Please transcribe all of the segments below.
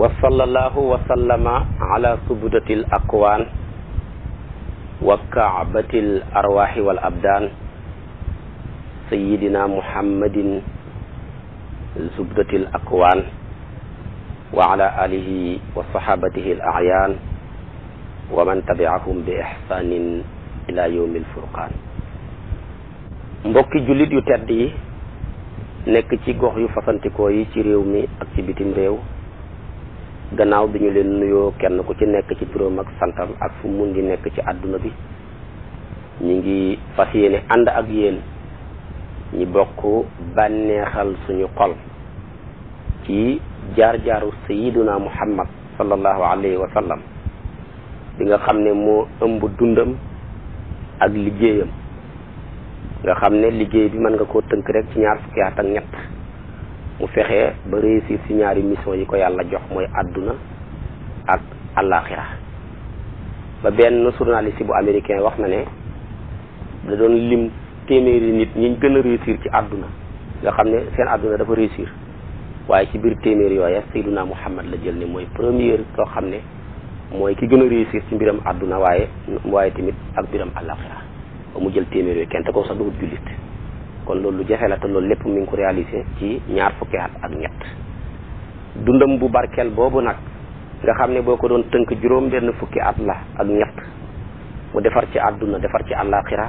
wa sallallahu wa sallama ala subdatil akwaan wa kaabatil arwaaxi wal abdaan sayidina muhammadin zubdatil akwaan wa ala alihi wa sahabatihi al acyaan wa man tabiahum bi ixsaanin ila yowmi alfurqaan mbokki jullit yu tedd yi nekk ci gox yu fasantikoo yi ci réew mi ak ci bitim réew gannaaw bi ñu leen nuyoo kenn ku ci nekk ci turam ak santam ak fu mun di nekk ci àdduna bi ñu ngi fas yéene ànd ak yéen ñi bokk bànneexal suñu xol ci jaar-jaaru sayiduna muhammad sallallahu alayhi wa sallam bi nga xam ne moo ëmb dundam ak liggéeyam nga xam ne liggéey bi mën nga koo tënk rek ci ñaar fukki at ak ñett mu fexe ba réussir ci ñaari mission yi ko yàlla jox mooy àdduna ak àllaaxira ba benn journaliste bu américain wax na ne da doon lim téeméeri nit ñi gën a réussir ci àdduna nga xam ne seen àdduna dafa réussir waaye ci biir téeméer yooya Seydunaa Muhammad la jël ne mooy première koo xam ne mooy ki gën a réussir ci mbiram àdduna waaye waaye tamit ak mbiram àllaaxira ba mu jël téeméer yooyu kenn te ko sax duhut jullit kon loolu lu jafe la te loolu lépp mu ngi ko réalisé ci ñaar fukki at ak ñett dundam bu barkeel boobu nag nga xam ne boo ko doon tënk juróom benn fukki at la ak ñett mu defar ci àdduna defar ci àllaaxira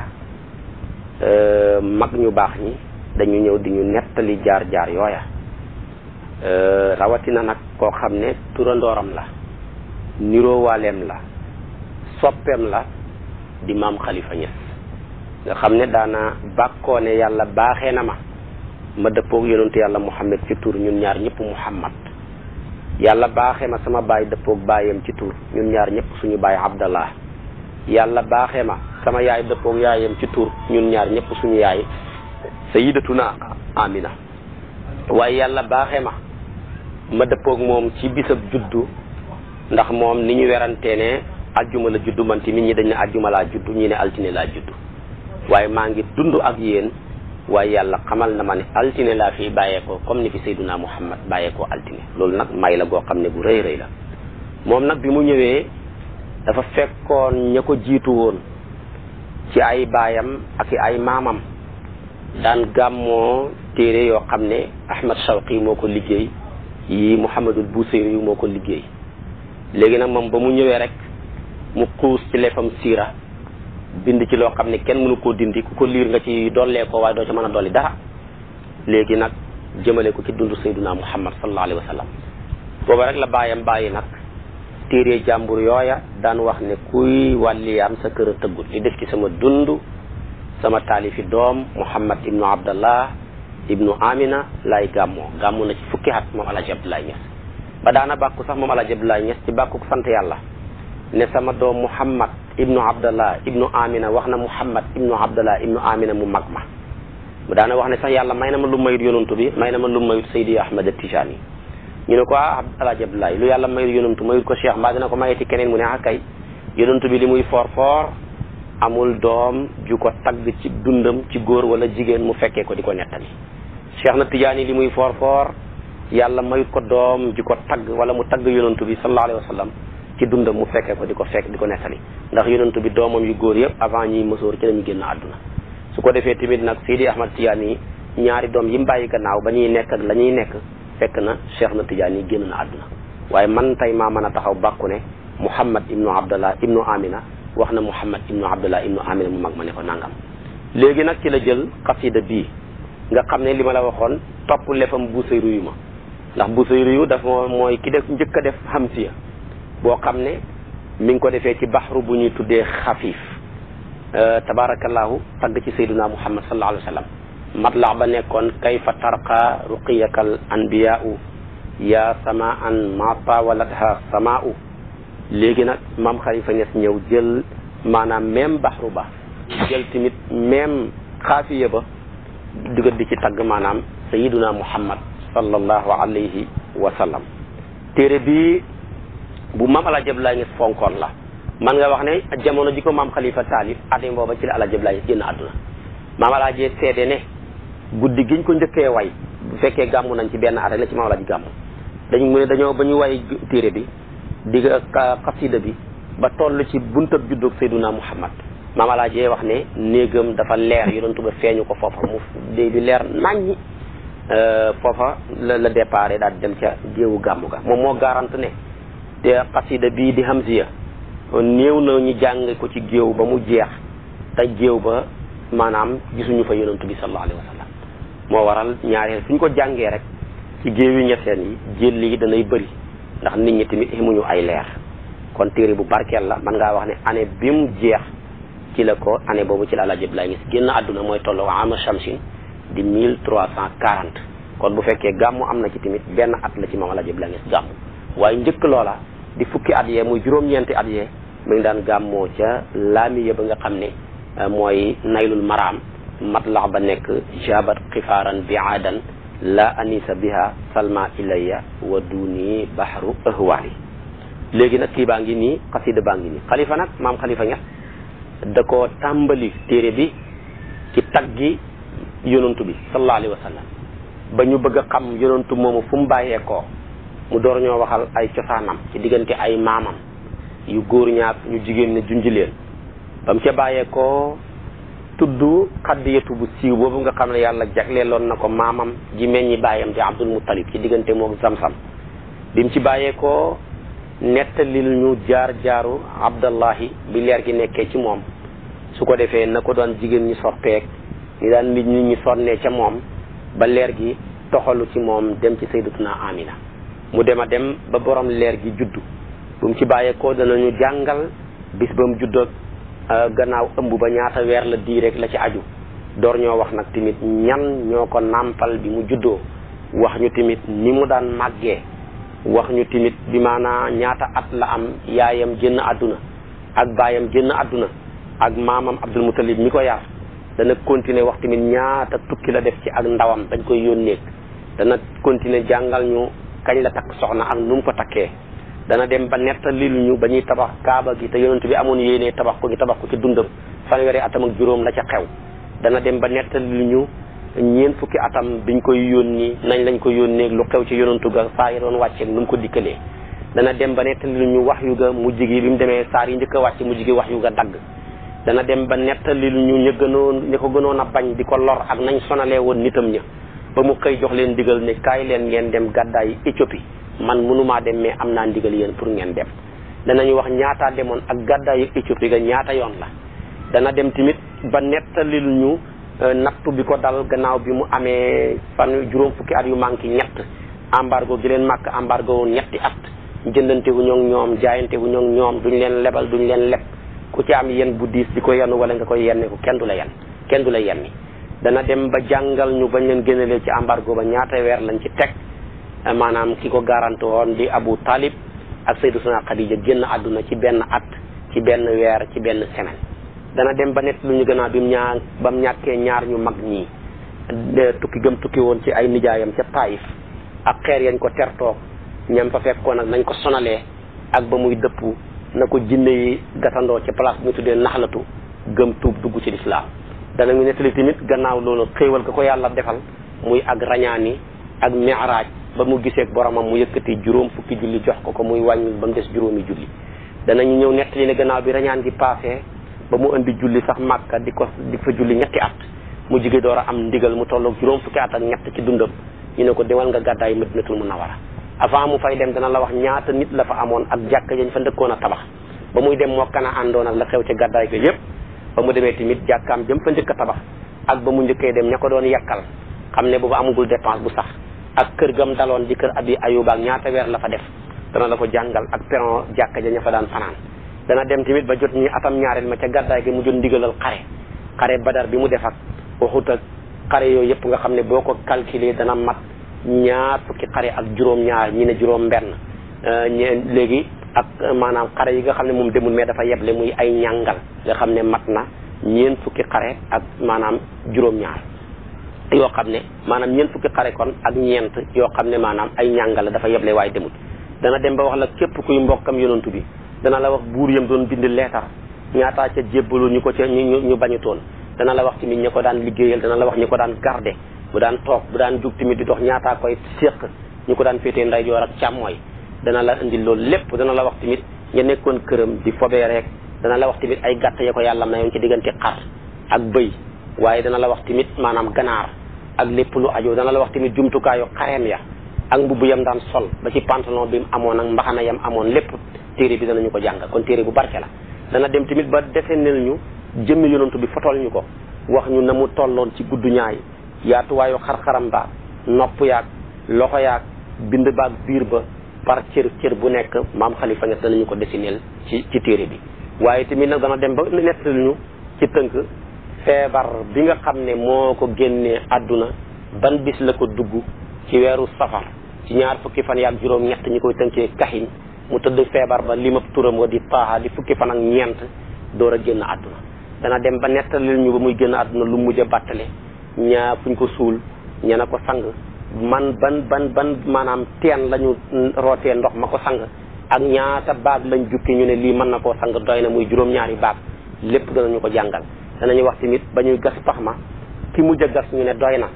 mag ñu baax ñi dañu ñëw di ñu nettali jaar jaar yooya rawatina nag koo xam ne turandooram la niroowaaleem la soppeem la di maam xalifa ñes nga xam ne daana bàkkoo ne yàlla baaxee na ma ma dëppoog yonentu yàlla muhammad ci tur ñun ñaar ñëpp muhammad yàlla baaxee ma sama baay dëppoog baayam ci tuur ñun ñaar ñëpp suñu baay abdallah yàlla baaxee ma sama yaay dëppoog yaayam ci tur ñun ñaar ñëpp suñu yaay sayyidatuna amina waaye yàlla baaxee ma ma dëppoog moom ci bisab juddu ndax moom ni ñu werantee ne ajjuma la juddu man tamit ñi dañ ne ajjuma laa juddu ñi ne altine laa juddu waaye maa ngi dund ak yéen waaye yàlla xamal na ma ne altine laa fi bàyyeekoo comme ni fi Seydunaa Muhammad bàyyeekoo altine loolu nag may la goo xam ne gu rëy rëy la moom nag bi mu ñëwee dafa fekkoon ña ko jiitu woon ci ay baayam ak ay maamam daan gàmmoo téere yoo xam ne Ahmad Shawqi moo ko liggéey yi Muhammadul Busiri yu moo ko liggéey léegi nag moom ba mu ñëwee rek mu xuus ci lefam siira bind ci loo xam ne kenn mënu koo dindi ku ko liir nga ci dollee ko waaye doo ci mën a dolli dara léegi nag jëmale ko ci dund sayduna muhammad sallallahu alayhi wa sallam booba rek la bàyyam bàyyi nag téere jàmbur yooya daan wax ne kuy wàlliyaam sa kër a tëggul li def ci sama dund sama taalifi doom muhammad ibnu abdallah ibnu amina lay gàmmoo gàmmu na ci fukki at moom alaji abdoulaye ñes ba daana bàkku sax moom alaji abdoulaye ñes ci bàkku sant yàlla ne sama doom muhammad ibnu abdallah ibnu amina wax na muhammad ibnu abdallah ibnu amina mu mag ma mu daana wax ne sax yàlla may na ma lu mayut yonantu bi may na ma lu mayut saydi ahmad tijaani ñu ne ko ah alaaji abdoulaye lu yàlla mayut yonantu mayut ko cheikh mbaa dina ko mayeti keneen mu ne ah kay yonantu bi li muy foor foor amul doom ju ko tagg ci dundam ci góor wala jigéen mu fekkee ko di ko nettali cheikh na tijaani li muy foor foor yàlla mayut ko doom ju ko tagg wala mu tagg yonantu bi sallallahu alayhi wa sallam ci dundam mu fekkee ko di ko fekk di ko nettali ndax yonentu bi doomam yu góor yëpp avant ñuy mësoor ci lañu génn àdduna su ko defee tamit nag Sidi Ahmad Tidiane yi ñaari doom yi mu bàyyi gannaaw ba ñuy nekk ak nekk fekk na Cheikh na Tidiane yi génn na àdduna waaye man tey maa mën a taxaw bàkku ne Mouhamad ibnu Abdallah ibnu Amina wax na Mouhamad ibnu Abdallah ibnu Amina mu mag ma ne ko nangam léegi nag ci la jël xasida bii nga xam ne li ma la waxoon topp lefam buusay ruyu ma ndax buusay ruyu dafa mooy ki def njëkk a def xam siya boo xam ne mi ngi ko defee ci baxru bu ñuy tuddee xafiif euh, tabaarakallaahu tagg ci sayduna muhammad sallallahu alayhi wa sallam matlax ba nekkoon kayfa tarqa ruqiyakal anbiyaau yaa sama an ma tawalatha samaau léegi nag maam xalifa ñes ñëw jël maanaam même baxru ba jël tamit même xaafiya ba dugal di ci tagg maanaam sayiduna muhammad sallallahu alayhi wa sallam téere bii bu maam El Hadj Abdoulaye fonkoon la man nga wax ne jamono ji ko maam xalifa taalif addem booba ci la El Hadj Abdoulaye Niass génn àdduna maam El Hadj seede ne guddi giñ ko njëkkee way bu fekkee gàmmu nañ ci benn at rek la ci maam El Hadj gàmmu dañ mu ne dañoo ba ñu way téere bi digg xasida bi ba toll ci buntab juddoog Seydouna Muhammad maam El Hadj wax ne néegam dafa leer yonentu ba feeñu ko foofa mu dee bi leer naññi euh, foofa la la départ daal di dem ca jéewu gàmmu moom moo garante ne te xasida bii di hamziya néew na ñu jàng ko ci géew ba mu jeex te géew ba maanaam gisuñu fa yonantu bi sallallahu alayhi wa sallam moo waral ñaareel fu ñu ko jàngee rek ci géew yi ñetteen yi jël yi danay bëri ndax nit ñi tamit xamuñu ay leer kon téere bu barkeel la man ngaa wax ne année bi mu jeex ci la ko année boobu ci la Alaaji Abdoulaye Niass génn àdduna mooy tolloo am shamsin di mille trois cent quarante kon bu fekkee gàmmu am na ci tamit benn at la ci moom Alaaji Abdoulaye Niass gàmmu njëkk loola di fukki at yee muy juróom-ñeenti at yee mu ngi daan gàmmoo ca laamiya ba nga xam ne euh, mooy naylul maraam matlax ba nekk jabat xifaaran biaadan la anisa biha salma ilayya wa duni bahru ahwaali léegi nag kii baa ngi nii xasida baa ngi nii xalifa nag maam xalifa Ñas da koo tàmbali téere bi ci taggi yonantu bi sallallahu alayhi wa sallam ba ñu bëgg a xam yonantu moomu fu mu bàyyee koo mu door ñoo waxal ay cosaanam ci diggante ay maamam yu góor ñaak ñu jigéen ñi junj leen ba mu ca bàyyeekoo tudd xaddiyatu bu siiw boobu nga xam ne yàlla jagleeloon na ko maamam ji meññi baayam di Abdul Muttalib ci diggante moom Zamzam bi mu ci bàyyeekoo nettalil ñu jaar jaaru Abdallahi bi leer gi nekkee ci moom su ko defee na ko doon jigéen ñi sorteeg ñi daan nit ñi sonnee ca moom ba leer gi toxalu ci moom dem ci sayyidatuna Amina mu dem a dem ba borom leer gi juddu bu mu ci bàyyeekoo danañu jàngal bis ba mu juddoo euh, gannaaw ëmb ba ñaata weer la dii rek la ci aju door ñoo wax nag tamit ñan ñoo ko nàmpal bi mu juddoo wax ñu tamit ni mu daan màggee wax ñu timit bi maanaa ñaata at la am yaayam génn àdduna ak baayam génn àdduna ak maamam Abdul Mutalib mi ko yaar dana continuer wax tamit ñaata tukki la def ci ak ndawam dañ koy yónneeg dana continuer jàngal ñu kañ la takk soxna ak nu mu ko takkee dana dem ba nettali ñu ba ñuy tabax kaaba gi te bi amoon yéenee tabax ko ñu tabax ci dundam fanweeri atam ak juróom la ca xew dana dem ba nettali ñu ñeent fukki atam biñ koy yónni nañ lañ ko yónnee lu xew ci yonantu ga saa yi doon wàcceeg nu mu ko dikkalee dana dem ba nettali ñu wax yu ga mujj gi bi mu demee saar yi njëkk a wàcc mujj gi wax yu ga dagg dana dem ba nettali ñu ña gënoon ña ko gënoon a bañ di ko lor ak nañ sonalee woon nitam ña ba mu këy jox leen ndigal ne kaay leen ngeen dem gàddaay Éthiopie man mënumaa dem mais am naa ndigal yéen pour ngeen dem danañu wax ñaataa demoon ak gàddaayu Éthiopie ga ñaata yoon la dana dem tamit ba nettalil ñu euh, nattu bi ko dal gannaaw bi mu amee fan juróom fukki at yu manqué ñett embargo gi leen màkk embargo woon ñetti at jëndante wu ñoog ñoom jaayante wu ñoog ñoom duñ leen lebal duñ leen leb ku ci am yen bu diis di ko yenn wala nga koy yenne ko kenn du la yenn kenn du la yenni dana dem ba jàngal ñu bañ leen leen ci embargo ba ñaata weer lañ ci teg maanaam ki ko garanti woon di Abu Talib ak Sayyidatuna Khadija génn àdduna ci benn at ci benn weer ci benn semaine. dana dem ba nett lu ñu gënaa bi mu ñaar ba mu ñàkkee ñaar ñu mag ñii tukki gëm tukki woon ci ay nijaayam ca Taif ak xeer yañ ko tertoog ñam fa fekkoon ak nañ ko sonalee ak ba muy dëpp na ko jinne yi gatandoo ci place bu ñu tuddee naxlatu gëm tuub dugg ci lislaam danañu nettali tamit gannaaw loolu xéewal ga ko yàlla defal muy ak rañaani ak miraaj ba mu gisee ak boromam mu yëkkati juróom fukki julli jox ko ko muy wàññi ba mu des juróomi julli danañu ñëw nettali ne gannaaw bi rañaan gi passé ba mu indi julli sax màkka di ko di fa julli ñetti at mu jige door a am ndigal mu tolloog juróom fukki at ak ñett ci dundam ñu ne ko demal nga gàddaay madinatul munawara avant mu fay dem dana la wax ñaata nit la fa amoon ak jàkk yañ fa ndëkkoon a tabax ba muy dem moo kana àndoon ak la xew ci gàddaay ko yépp ba mu demee tamit jàkkaam jëm fa njëkk a tabax ak ba mu njëkkee dem ña ko doon yekkal xam ne boobu amagul dépense bu sax ak kër gam daloon di kër abi ayuba ak ñaata weer la fa def dana la ko jàngal ak peron jàkka ja ña fa daan fanaan dana dem tamit ba jot ñi atam ñaareel ma ca gàddaay gi mu jot ndigalal xare xare badar bi mu def ak waxut ak xare yooyu yëpp nga xam ne boo ko calculer dana mat ñaar fukki xare ak juróom-ñaar ñi ne juróom mbenn euh, léegi ak maanaam xare yi nga xam ne moom demul mais dafa yeble muy ay ñàngal nga xam ne mat na ñeent fukki xare ak maanaam juróom-ñaar yoo xam ne maanaam ñeent fukki xare kon ak ñeent yoo xam ne maanaam ay ñàngal la dafa yeble waaye demul dana dem ba wax la képp kuy mbokkam yonantu bi dana la wax buur yam doon bind leetar ñaataa ca jébbaloo ñu ko ca ñu ñu bañutoon dana la wax tamit ñi ko daan liggéeyal dana la wax ñu ko daan garde bu daan toog bu daan jug tamit di dox ñaataa koy séq ñu ko daan féetee ndeyjoor ak càmmooy dana la indi loolu lépp dana la wax tamit ña nekkoon këram di fobee rek dana la wax tamit ay gàtt ya ko yàlla mayoon ci diggante xar ak bëy waaye dana la wax tamit maanaam ganaar ak lépp lu ajoo dana la wax tamit jumtukaayu xareem ya ak mbubb yam daan sol ba ci pantalon bi mu amoon ak mbaxana yam amoon lépp téere bi danañu ko jàng kon téere bu barke la dana dem tamit ba desenel ñu jëmmi yonantu bi fotol ñu ko wax ñu na mu tolloon ci gudd ñaay yaatuwaayu xar ba nopp yaag loxo yaag bind baag biir ba par cër cër bu nekk maam xalifa Niass ko dessineel ci ci téere bi waaye tamit nag dana dem ba nettali ñu tënk feebar bi nga xam ne moo ko génnee àdduna ban bis la ko dugg ci weeru safar ñaar fukki fan yaak juróom ñett ñi koy tënkee kaxin mu tëdd feebar ba limab turam wa di taaha di fukki fan ak ñeent door a génn àdduna dana dem ba nettalil ñu ba muy génn àdduna lu mujj a bàttale ñaa fuñ ko suul ña na ko sang man ban ban ban maanaam teen lañu rootee ndox ma ko sang ak ñaata baag lañ jukki ñu ne lii mën na koo sang doy na muy juróom-ñaari baag lépp danañu ko jàngal danañu wax tamit ba ñuy gas pax ma ki mujj a ñu ne doy na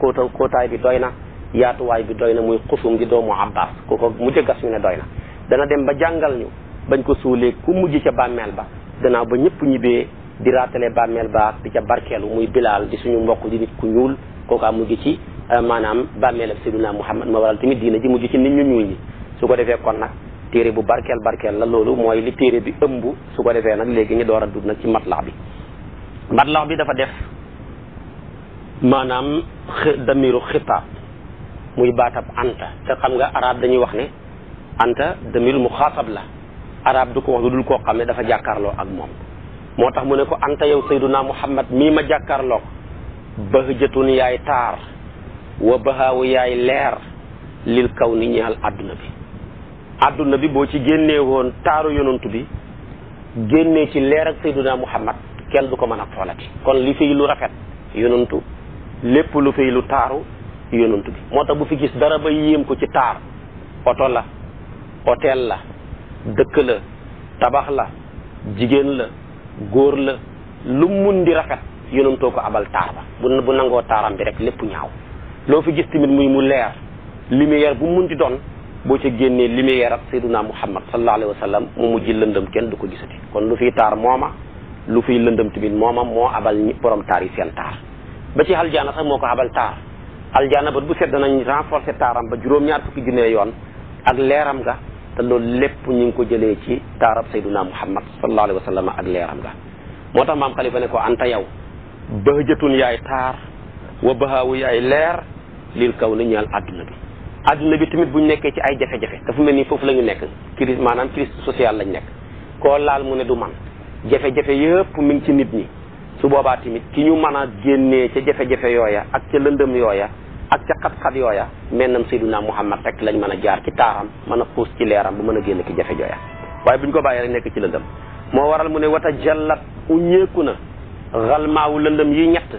kóota kóotaay bi doy na yaatuwaay bi doy na muy xusum di doomu abbas ku ko mujj a gas ñu ne doy na dana dem ba jàngal ñu bañ ko suulee ku mujj ca bàmmeel ba gannaaw ba ñëpp ñibbee di raatale bàmmeel ba di ca barkeelu muy bilaal di suñu mbokk di nit ku ñuul kooka mu ngi ci Euh, maanaam bàmmeelam Seydina Muhammad ma waral tamit diina ji mujj ci nit ñu ñuul ñi su ko defee kon nag téere bu barkeel barkeel la loolu mooy li téere bi ëmb su ko defee nag léegi ñu door a dugg nag ci matlax bi matlax bi dafa def maanaam damiru xitaab muy baatab anta te xam nga arab dañuy wax ne anta damir mu xaatab la arab du ko wax lu dul koo xam ne dafa jàkkaarloo ak moom moo tax mu ne ko anta yow sayduna muhammad mii ma jàkkaarloo bahjatun yaay taar wa bahaawu yaay leer lil kaw ni ñaal àdduna bi àdduna bi boo ci génnee woon taaru yonantu bi génnee ci leer ak sayduna muhammad kenn du ko mën a xoolati kon li fiy lu rafet yonantu lépp lu fiy lu taaru yonantu bi moo tax bu fi gis dara ba yéem ko ci taar oto la hôtel la dëkk la tabax la jigéen la góor la lu mun di rafet yonantoo ko abal taar ba bu nangoo taaram bi rek lépp ñaaw loo fi gis tamit muy mu leer lumière bu mu munti doon boo ci génnee lumière ak sayyiduna muhammad sallallahu alayhi wa sallam mu mujj lëndëm kenn du ko gisati kon lu fiy taar mooma lu fi lëndëm tamit mooma moo abal ñi borom taar yi seen taar ba ci aljaana sax moo ko abal taar aljaana ba bu set danañ renforcer taaram ba juróom-ñaar fukki junne yoon ak leeram nga te loolu lépp ñu ngi ko jëlee ci taarab sayyiduna muhammad sallallahu alayhi wa sallam ak leeram nga moo tax maam xalifa ne ko anta yow bahjatun yaay taar wa bahaawu leer lil kaw na ñaal àdduna bi àdduna bi tamit ñu nekkee ci ay jafe-jafe dafa mel ni foofu la ñu nekk crise maanaam crise sociale lañu nekk koo laal mu ne du man jafe-jafe yëpp mu ngi ci nit ñi su boobaa tamit ki ñu mën a génnee ca jafe-jafe yooya ak ca lëndëm yooya ak ca xat-xat yooya mennam Seydina Muhammad rek lañ mën a jaar ci taaram mën a xuus ci leeram bu mën a génn ki jafe jooya waaye buñ ko bàyyee rek nekk ci lëndëm moo waral mu ne wata jallat uñeeku na xalmaawu lëndëm yi ñett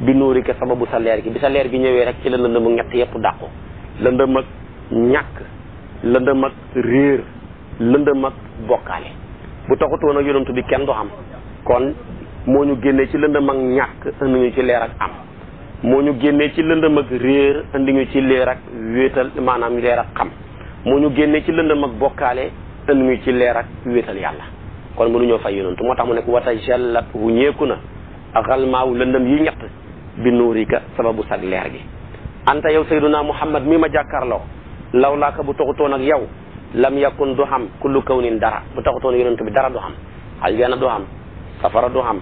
bi nuuri ka sababu sa leer gi bi sa leer gi ñëwee rek ci la lëndëm ak ñett yëpp dàqu lëndëm ak ñàkk lëndëm ak réer lëndëm ak bokkaale bu taxutoon ak yonantu bi kenn du xam kon moo ñu génnee ci lëndëm ak ñàkk indi ñu ci leer ak am moo ñu génnee ci lëndëm ak réer indi ñu ci leer ak wéetal maanaam leer ak xam moo ñu génnee ci lëndëm ak bokkaale indi ñu ci leer ak wéetal yàlla kon mënuñoo fay yonantu moo tax mu nekk wata jallat wu ñeeku na xalmaaw lëndëm yi ñett bi nuurika sababu sag leer gi anta yow sayduna muhammad mi ma jàkkaarloo law laaka bu taxutoon ak yow lam yakun du xam kullu kawnin dara bu taxutoon yonent bi dara du xam aljana du xam safara du xam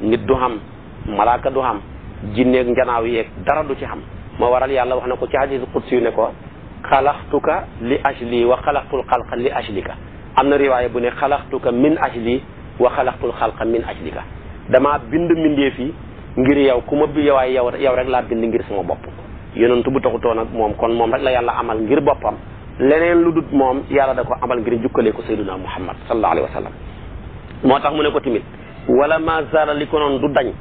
nit du xam malaaka du xam jinneeg njanaaw yeeg dara du ci xam moo waral yàlla wax na ko ci hadis qudsi yu ne ko xalaxtuka li ajli wa xalaxtul xalqa li ajlika am na riwaaya bu ne xalaxtuka min ajli wa xalaxtul xalqa min ajlika dama bind mbindeef yi ngir yow ku ma bi yowaay yow yow rek laa bind ngir sama bopp yonentu bu taxutoon nag moom kon moom rek la yàlla amal ngir boppam leneen lu dut moom yàlla da ko amal ngir jukkalee ko sayyiduna muhammad sallallahu alayhi wa sallam moo tax mu ne ko tamit wala ma zara li ko noon du dañ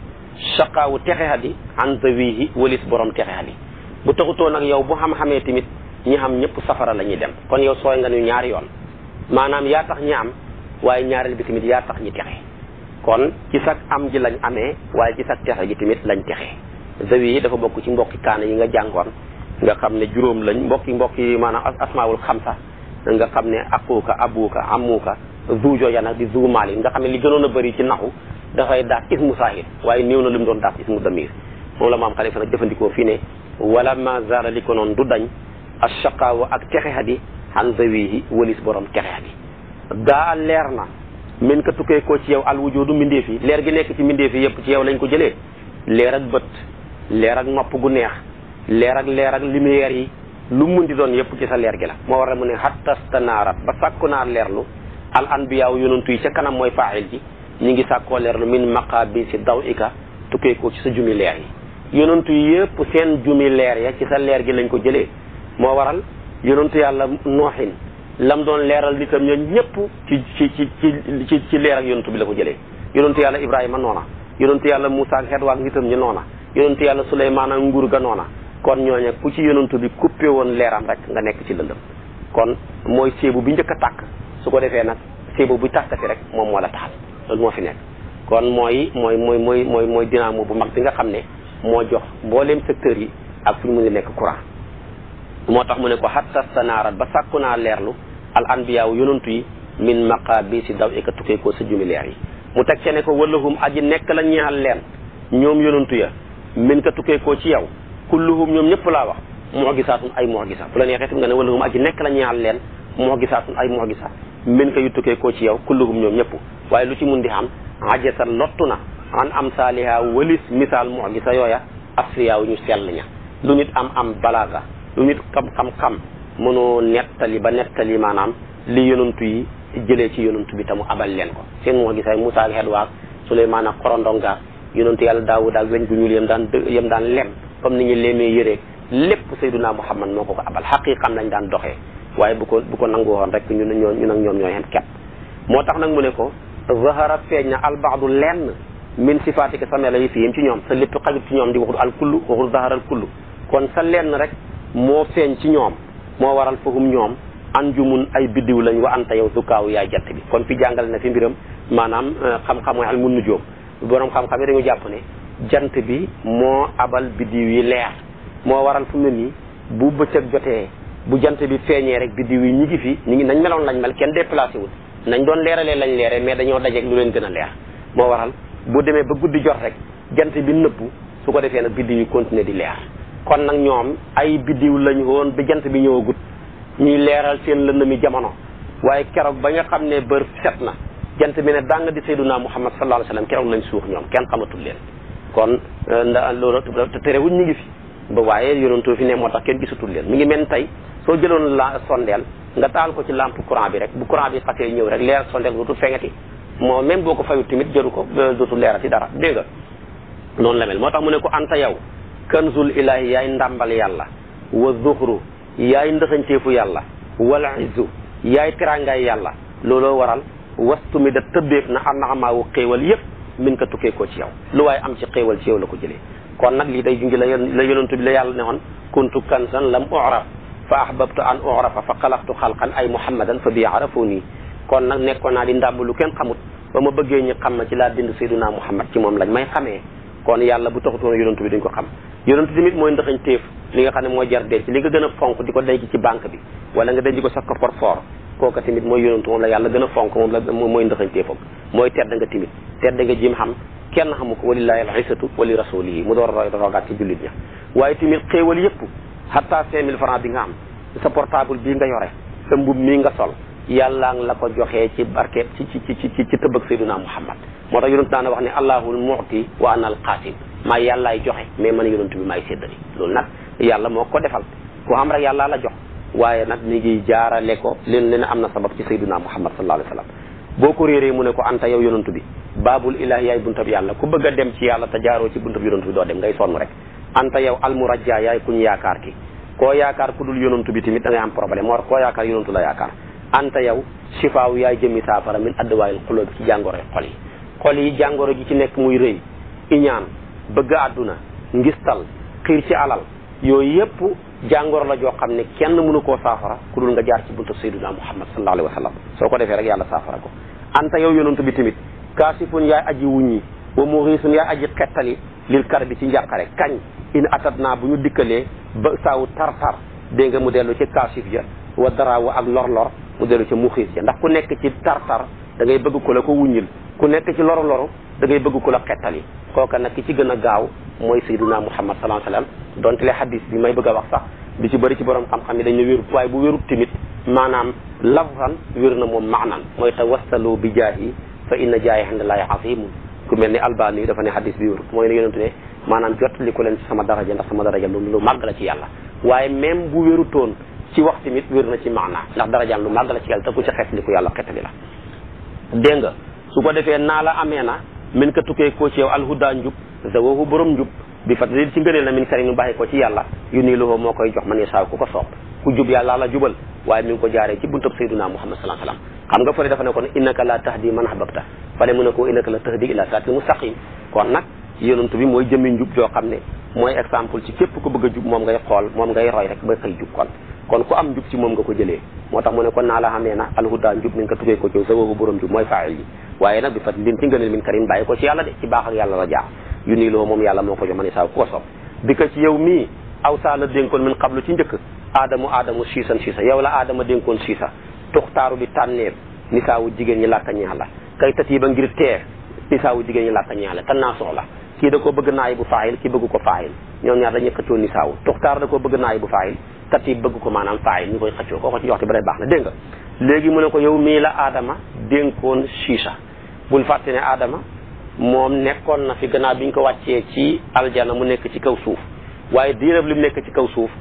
saqaawu texe hadi an zawihi walis borom texe hadi bu taxutoon nag yow bu xam-xamee tamit ñi xam ñëpp safara la dem kon yow sooy nga ñu ñaari yoon maanaam yaa tax ñi am waaye ñaareel bi yaa tax ñi texe kon ci sag am ji lañ amee waaye ci sag texe gi tamit lañ texe zawi yi dafa bokk ci mbokki kaana yi nga jàngoon nga xam ne juróom lañ mbokki mbokki maanaam asmaawul xamsa nga xam ne akuuka abuuka amuuka zuujo ya nag di zuu maalin nga xam ne li gënoon a bëri ci naxu dafay daat ismu saahir waaye néew na lu mu doon daat ismu damir moom la maam xalifa nag jëfandikoo fii ne wala ma ko noonu du dañ ak ashaqaawa ak texe xadi an zawihi walis borom texe xadi leer na min ka tukkeekoo ci yow al wujudu mbindeef yi leer gi nekk ci mbindeef yi yëpp ci yow lañ ko jëlee leer ak bët leer ak nopp gu neex leer ak leer ak lumière yi lu mun di doon yëpp ci sa leer gi la moo waral mu ne xattanaarat ba sàkku naa leerlu al anbiyaaw yonantu yi ca kanam mooy faaxil ji ñu ngi sàkkoo leerlu min maqaabi si daw ika tukkee ko ci sa jumi leer yi yonantu yi yëpp seen jumi ci sa leer gi lañ ko jëlee moo waral yonantu yàlla nooxin lam doon leeral nitam ñoom ñëpp ci ci ci ci ci leer ak yonentu bi la ko jëlee yonentu yàlla ibrahima noona yonentu yàlla moussa ak xeet waak nitam ñi noona yonentu yàlla suleymaan ak nguur ga noona kon ñooñe ku ci yonentu bi coupé woon leeram rek nga nekk ci lëndëm kon mooy séebu bi njëkk a tàkk su ko defee nag séebu bu tàkkati rek moom moo la taxal loolu moo fi nekk kon mooy mooy mooy mooy mooy mooy dynamo bu mag bi nga xam ne moo jox mbooleem secteurs yi ak fu ñu nekk courant moo tax mu ne ko sa stanaarat ba sàkku naa leerlu al anbiyaawu yonantu yi min maqa bi si daw ika tukkee koo sa jumi leer yi mu teg ce ne ko wallahum aji nekk la ñeexal leen ñoom yonantu ya min ka tukkeekoo ci yow kulluhum ñoom ñëpp laa wax moo gisaatu ay moo gisa bu la neexee tam nga ne wallahum aji nekk la ñeexal leen moo gisaatun ay moo gisa min ka yu tukkeekoo ci yow kulluhum ñoom ñëpp waaye lu ci mun di xam sa lottu na an am saaliha walis misaal moo gisa yooya asfiyaaw ñu sell ña lu nit am am balaaga lu nit xam-xam-xam mënoo nettali ba nettali maanaam li yonantu yi jële ci yonantu bi tamu abal leen ko seen moo gis ay Moussa ak Xedwa ak Suleymaan ak Korondonga yonantu yàlla Daawuda ak weñ gu ñuul yam daan yam daan lem comme ni ñu lemee yëree lépp Sayyiduna Muhammad moo ko ko abal xaqiqam lañ daan doxee waaye bu ko bu ko nangu woon rek ñun ñoo ñun ak ñoom ñooy xam kepp moo tax nag mu ne ko zahara feeñ na albaadu lenn min sifatika sa melo yi fii yim ci ñoom sa lépp xajut ci ñoom di waxul al kullu waxul kon sa lenn rek moo feeñ ci ñoom moo waral fahum ñoom anjumun ay biddiw lañ wa anta yow kaaw yaay jant bi kon fi jàngale na fi mbiram maanaam euh, xam-xam mooy almun nujoom borom xam-xam yi dañu jàpp ne jant bi moo abal biddiw yi leer moo waral fu mu ne nii bu bëccëg jotee bu jant bi feeñee rek biddiw yi ñi ngi fi ñi ngi nañ meloon lañ mel kenn déplacé wul nañ doon leeralee lañ leere mais dañoo dajeeg lu leen gën a leer moo waral bu demee ba guddi jot rek jant bi nëbbu su ko defee nag biddiw yi continuer di leer kon nag ñoom ay biddiw lañu woon bi jant bi ñëwagut ñuy leeral seen lëndëmi jamono waaye keroog ba nga xam ne bër set na jant bi ne danga di sayyiduna muhammad sallallahu alayhi wasallam keroog lañ suux ñoom kenn xamatul leen kon euh, nda loolu te terewuñ ñu ngi fi ba waaye yonentoo fi ne moo tax kenn gisatul leen mi ngi mel tey soo jëloon la sondeel nga taal ko ci lampe courant bi rek bu courant bi xasee ñëw rek leer sondeel dootul feŋati moo même boo ko fayut tamit jëru ko euh, dootul leerati dara dégg noonu la moo tax mu ne ko anta yow kanzul ilahi yaay ndàmbal yàlla wa zuxru yaay ndëxanteefu yàlla wal izzu yaay teraangaay yàlla looloo waral wastu mi da tëbbeef na am na amaawu xéewal yëpp min ko tukkee ko ci yow lu waay am ci xéewal ci yow la ko jëlee kon nag lii day jungi la la yonantu bi la yàlla ne woon kuntu kansan lam uraf fa ahbabtu an urafa fa xalaqtu xalqan ay muhammadan fa bi arafoo nii kon nag nekkoon naa di ndàmb lu kenn xamut ba ma bëggee ñu xam ma ci laa bind sayduna muhammad ci moom lañ may xamee kon yàlla bu taxutoon yonantu bi duñ ko xam yonantu tamit mooy ndaxañ téef li nga xam ne moo jar denc li nga gën a fonk di ko denc ci banque bi wala nga denc ko sax ko porfor kooka tamit mooy yonantu moom la yàlla gën a fonk moom la mooy ndaxañ téefam mooy tedd nga timit tedd nga jim xam kenn xamu ko walillahi al-izzatu wali rasulihi mu door a rogaat ci jullit ña waaye tamit xéewal yëpp xatta cinq mille francs bi nga am sa portable bii nga yore sa nga sol yàllaa nga la ko joxee ci barke ci ci ci ci ci tëbbëg sayyiduna muhammad moo tax yonent daana wax ne allahul mu'ti wa ana al qasim yàlla yàllaay joxe mais man yonent bi maay séddali loolu nag yàlla moo ko defal ku xam rek yàllaa la jox waaye nag mi ngi jaarale ko leen leen am na sabab ci sayyiduna muhammad sallallahu alayhi wasallam boo ko réeree mu ne ko anta yow yonent bi baabul ilahi yaay buntab yàlla ku bëgg a dem ci yàlla te jaaroo ci buntab yonent bi doo dem ngay sonn rek yow almurajja yaay kuñ yaakaar ki yaakaar ku dul yonent bi tamit da ngay am problème moo tax yaakaar anta yow sifaaw yaay jëmi saafara min addawaayil xulóob ci jàngoro xol yi xol yi jàngoro ji ci nekk muy rëy iñaan bëgg àdduna ngistal xiir ci alal yooyu yépp jàngoro la joo xam ne kenn mënu koo saafara ku dul nga jaar ci buntu sayyiduna muhammad sallallahu alayhi wa sallam soo ko defee rek yàlla saafara ko anta yow yonantu bi tamit kaasifun yaay aji wuññi wa muxiisun yaay aji xettali lil kar bi ci njàqare kañ in atat naa bu ñu dikkalee ba saawu tar dégg nga mu dellu ci kaasif ja wa daraawu ak lor lor mu dellu ca mu xiis ca ndax ku nekk ci tar-tar da bëgg ku la ko wuññil ku nekk ci loru loru da ngay bëgg ku la xettali kooka nag ki ci gën a gaaw mooy sayyiduna muhammad sallallahu alayhi wasallam donte le hadis may bëgg a wax sax bi ci bëri ci borom xam-xam yi dañu wéru waaye bu wérut tamit maanaam lafzan wér na moom maanan mooy tawassalu bi jaahi fa inna jaahi indallahi azimun ku mel ni albani yi dafa ne hadis bi wérut mooy ne yonentu ne maanaam jot li ko leen ci sama daraja ndax sama daraja lu lu màgg la ci yàlla waaye même bu wérutoon ci wax tamit wér na ci maanaa ndax darajaam lu màgg la ci yàlla te ku ci xeet li ko yàlla xeetali la dégg nga su ko defee naa la amee na min ka tukkee koo ci yow alhuda njub zawahu borom njub bi fat li ci ngëneel na min sari nu bàyyi ko ci yàlla yu nii loxoo moo koy jox man yasaaw ku ko soob ku jub yàlla la jubal waaye mi ngi ko jaaree ci buntab sayyiduna muhammad sallallahu alayhi xam nga fële dafa ne kon innaka la tahdi man ahbabta fale mu ne ko innaka la tahdi ila siratil mustaqim kon nag yonent bi mooy jëmmi njub joo xam ne mooy exemple ci képp ku bëgg a jub moom ngay xool moom ngay roy rek ba xëy jub kon kon ku am njub ci moom nga ko jëlee moo tax mu ne kon naa la xamee na alhuda njub ni nga ko tukkee ko ci sa woowu borom njub mooy faa'il yi waaye nag bi fat lin ci ngëneel min karim bàyyi ko ci yàlla de ci baax ak yàlla la jaar yu nii loo moom yàlla moo yow mii aw saa dénkoon min xablu ci njëkk aadamu aadamu siisan siisa jigéen ñi làkka ñeex la kay tatiiba ngir teer nisaawu jigéen ñi làkka ñeex la tan naa soxla kii da koo bëgg naay bu faayil kii bëgg ko faayil ñoom ñaar dañuy xëccoo ni saaw tuxtaar da ko bëgg naay bu faayil katib bëgg ko maanaam faayil ñu koy xëccoo koo ko ci joxte ba day baax na dégg léegi mu ne ko yow mii la aadama dénkoon chicha bul fàtte ne aadama moom nekkoon na fi gannaaw bi ñu ko wàccee ci aljana mu nekk ci kaw suuf waaye diirab li mu nekk ci kaw suuf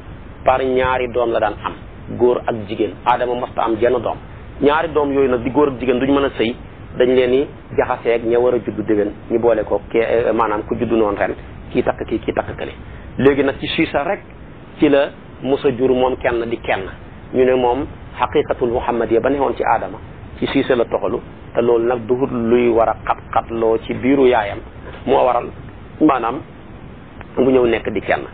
par ñaari doom la daan am góor ak jigéen aadama mosta am jenn doom ñaari doom yooyu nag di góor ak jigéen duñu mën a sëy dañu leen i jaxaseeg ña war a juddu déwén ñu boole ko ke eh, maanaam ku juddu noonu ren kii takk kii kii takk kële léegi nag ci siisa rek ci la mos a jur moom kenn di kenn ñu ne moom xaqiqatul muhammad ya ba newoon ci aadama ci siisa la toxalu te loolu nag du luy war a xat-xatloo ci biiru yaayam moo waral maanaam bu ñëw nekk di kenn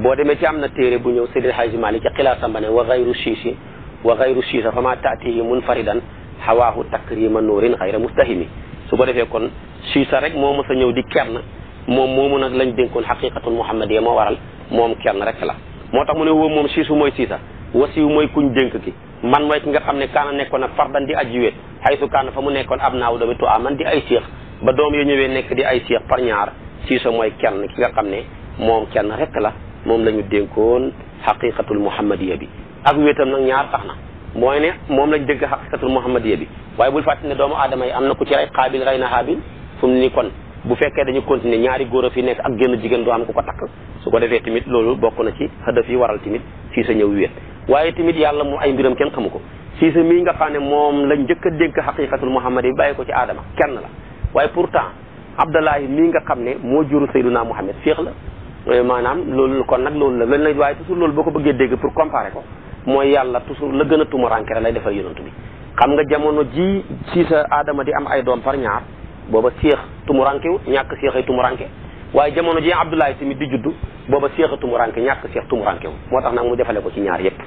boo demee ci am na téere bu ñëw Seydil Hadji Malick ci xilaasam ba ne wa gayru siisi wa gayru siisa fa ma taatihi munfaridan xawaahu takrima nuurin xayra mustahimi su ko defee kon suy sa rek moo mës a ñëw di kenn moom moomu nag lañ dénkoon xaqiqatul muhammadiya moo waral moom kenn rek la moo tax mu ne woo moom siisu mooy siisa wasiw mooy kuñ dénk ki man mooy nga xam ne kaana nekkoon ak fardan di aji wéet xaysu kaana fa mu nekkoon ab naaw doomi tu aman di ay seex ba doom yo ñëwee nekk di ay seex par ñaar siiso mooy kenn ki nga xam ne moom kenn rek la moom la ñu dénkoon xaqiqatul muhammadiya bi ak wéetam nag ñaar tax na mooy ne moom lañ dégg xaqiqatul muhammadiyya bi waaye bul fàtte ne doomu aadama yi am na ko ci rey xaabil rey na xaabil fu ni kon bu fekkee dañu continuer ñaari góor a fi nekk ak génn jigéen doo am ku ko takk su ko defee tamit loolu bokk na ci hadaf yi waral tamit sii sa ñëw wéet waaye tamit yàlla moom ay mbiram kenn xamu ko sii sa mii nga xam ne moom lañ njëkk a dégg xaqiqatul muhammad bi bàyyi ko ci aadama kenn la waaye pourtant abdallahi mii nga xam ne moo juru sayduna muhammad féex la eh, maanaam loolu kon nag loolu la lañ la waaye toujours loolu boo ko bëggee dégg pour comparer ko mooy yàlla toujours la gën a tumurankere lay defal yonent bi xam nga jamono ji si aadama di am ay doom par ñaar booba seex tumurankewut ñàkk seex ay tumuranke waaye jamono ji abdoulaye tamit di juddu booba seex a tumuranke ñàkk seex tumurankewut moo tax nag mu defale ko ci ñaar yépp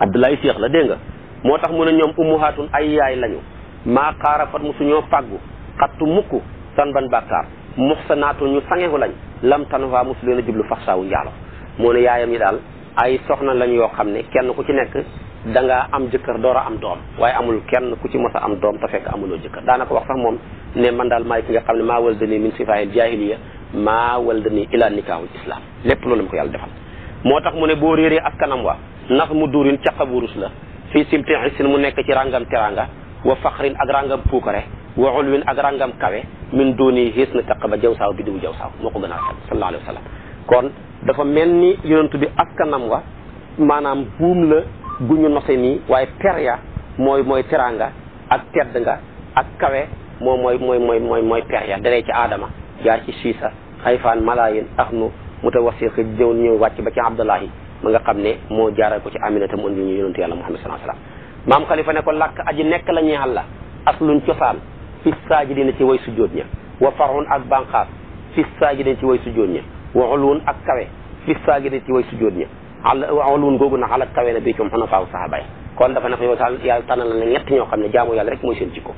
abdoulaye seex la dégg nga moo tax mu a ñoom ummuhaatun ay yaay lañu maa xaara fat mu suñoo fàggu xattu mukk san ban bàkkaar muxsanaatun ñu sangehu lañ lam tanwaa mosu leen a jublu fax saawu njaalo moo yaayam yi daal ay soxna lañ yoo xam ne kenn ku ci nekk da nga am jëkkër door a am doom waaye amul kenn ku ci mos a am doom te fekk amuloo jëkkër daanaka wax sax moom ne man daal maay ki nga xam ne maa wal dani min sifaahil jaahiliya maa wal dani ilaa nikaahul islam lépp loolu mu ko yàlla defal moo tax mu ne boo réeree askanam wa nas mu duurin caqaburus la fii simti isin mu nekk ci ràngam teranga wa faxrin ak ràngam puukare wa ulwin ak ràngam kawe min duuni xiis na taq ba jaw saaw bi diwu jaw saaw moo ko gën a sallallahu alayhi wa sallam dafa mel ni yonent bi askanam wa maanaam buum la gu ñu nose nii waaye ter ya mooy mooy teraanga ak tedd nga ak kawe moom mooy mooy mooy mooy mooy per ya ci aadama jaar ci siisa xayfaan malaayin axnu mutawassil ka jëwn ñëw wàcc ba ci abdullahi ma nga xam ne moo jaaral ko ci aminata mu indi ñu yonentu yàlla muhammad sallallahu alayhi wasallam maam xalifa ne ko làkk aji nekk la ñuy xalla asluñ cosaan fi saajidina ci way sujjóot ña wa farun ak banqaas fi saajidina ci way sujjóot ña waxul woon ak kawe fi saagide ci way sujjoot ña àll waxul woon googu na xala kawe na bii ci xanaa faaw saxaaba yi kon dafa nekk yow taal yàlla tànnal na la ñett ñoo xam ne jaamu yàlla rek mooy seen jikko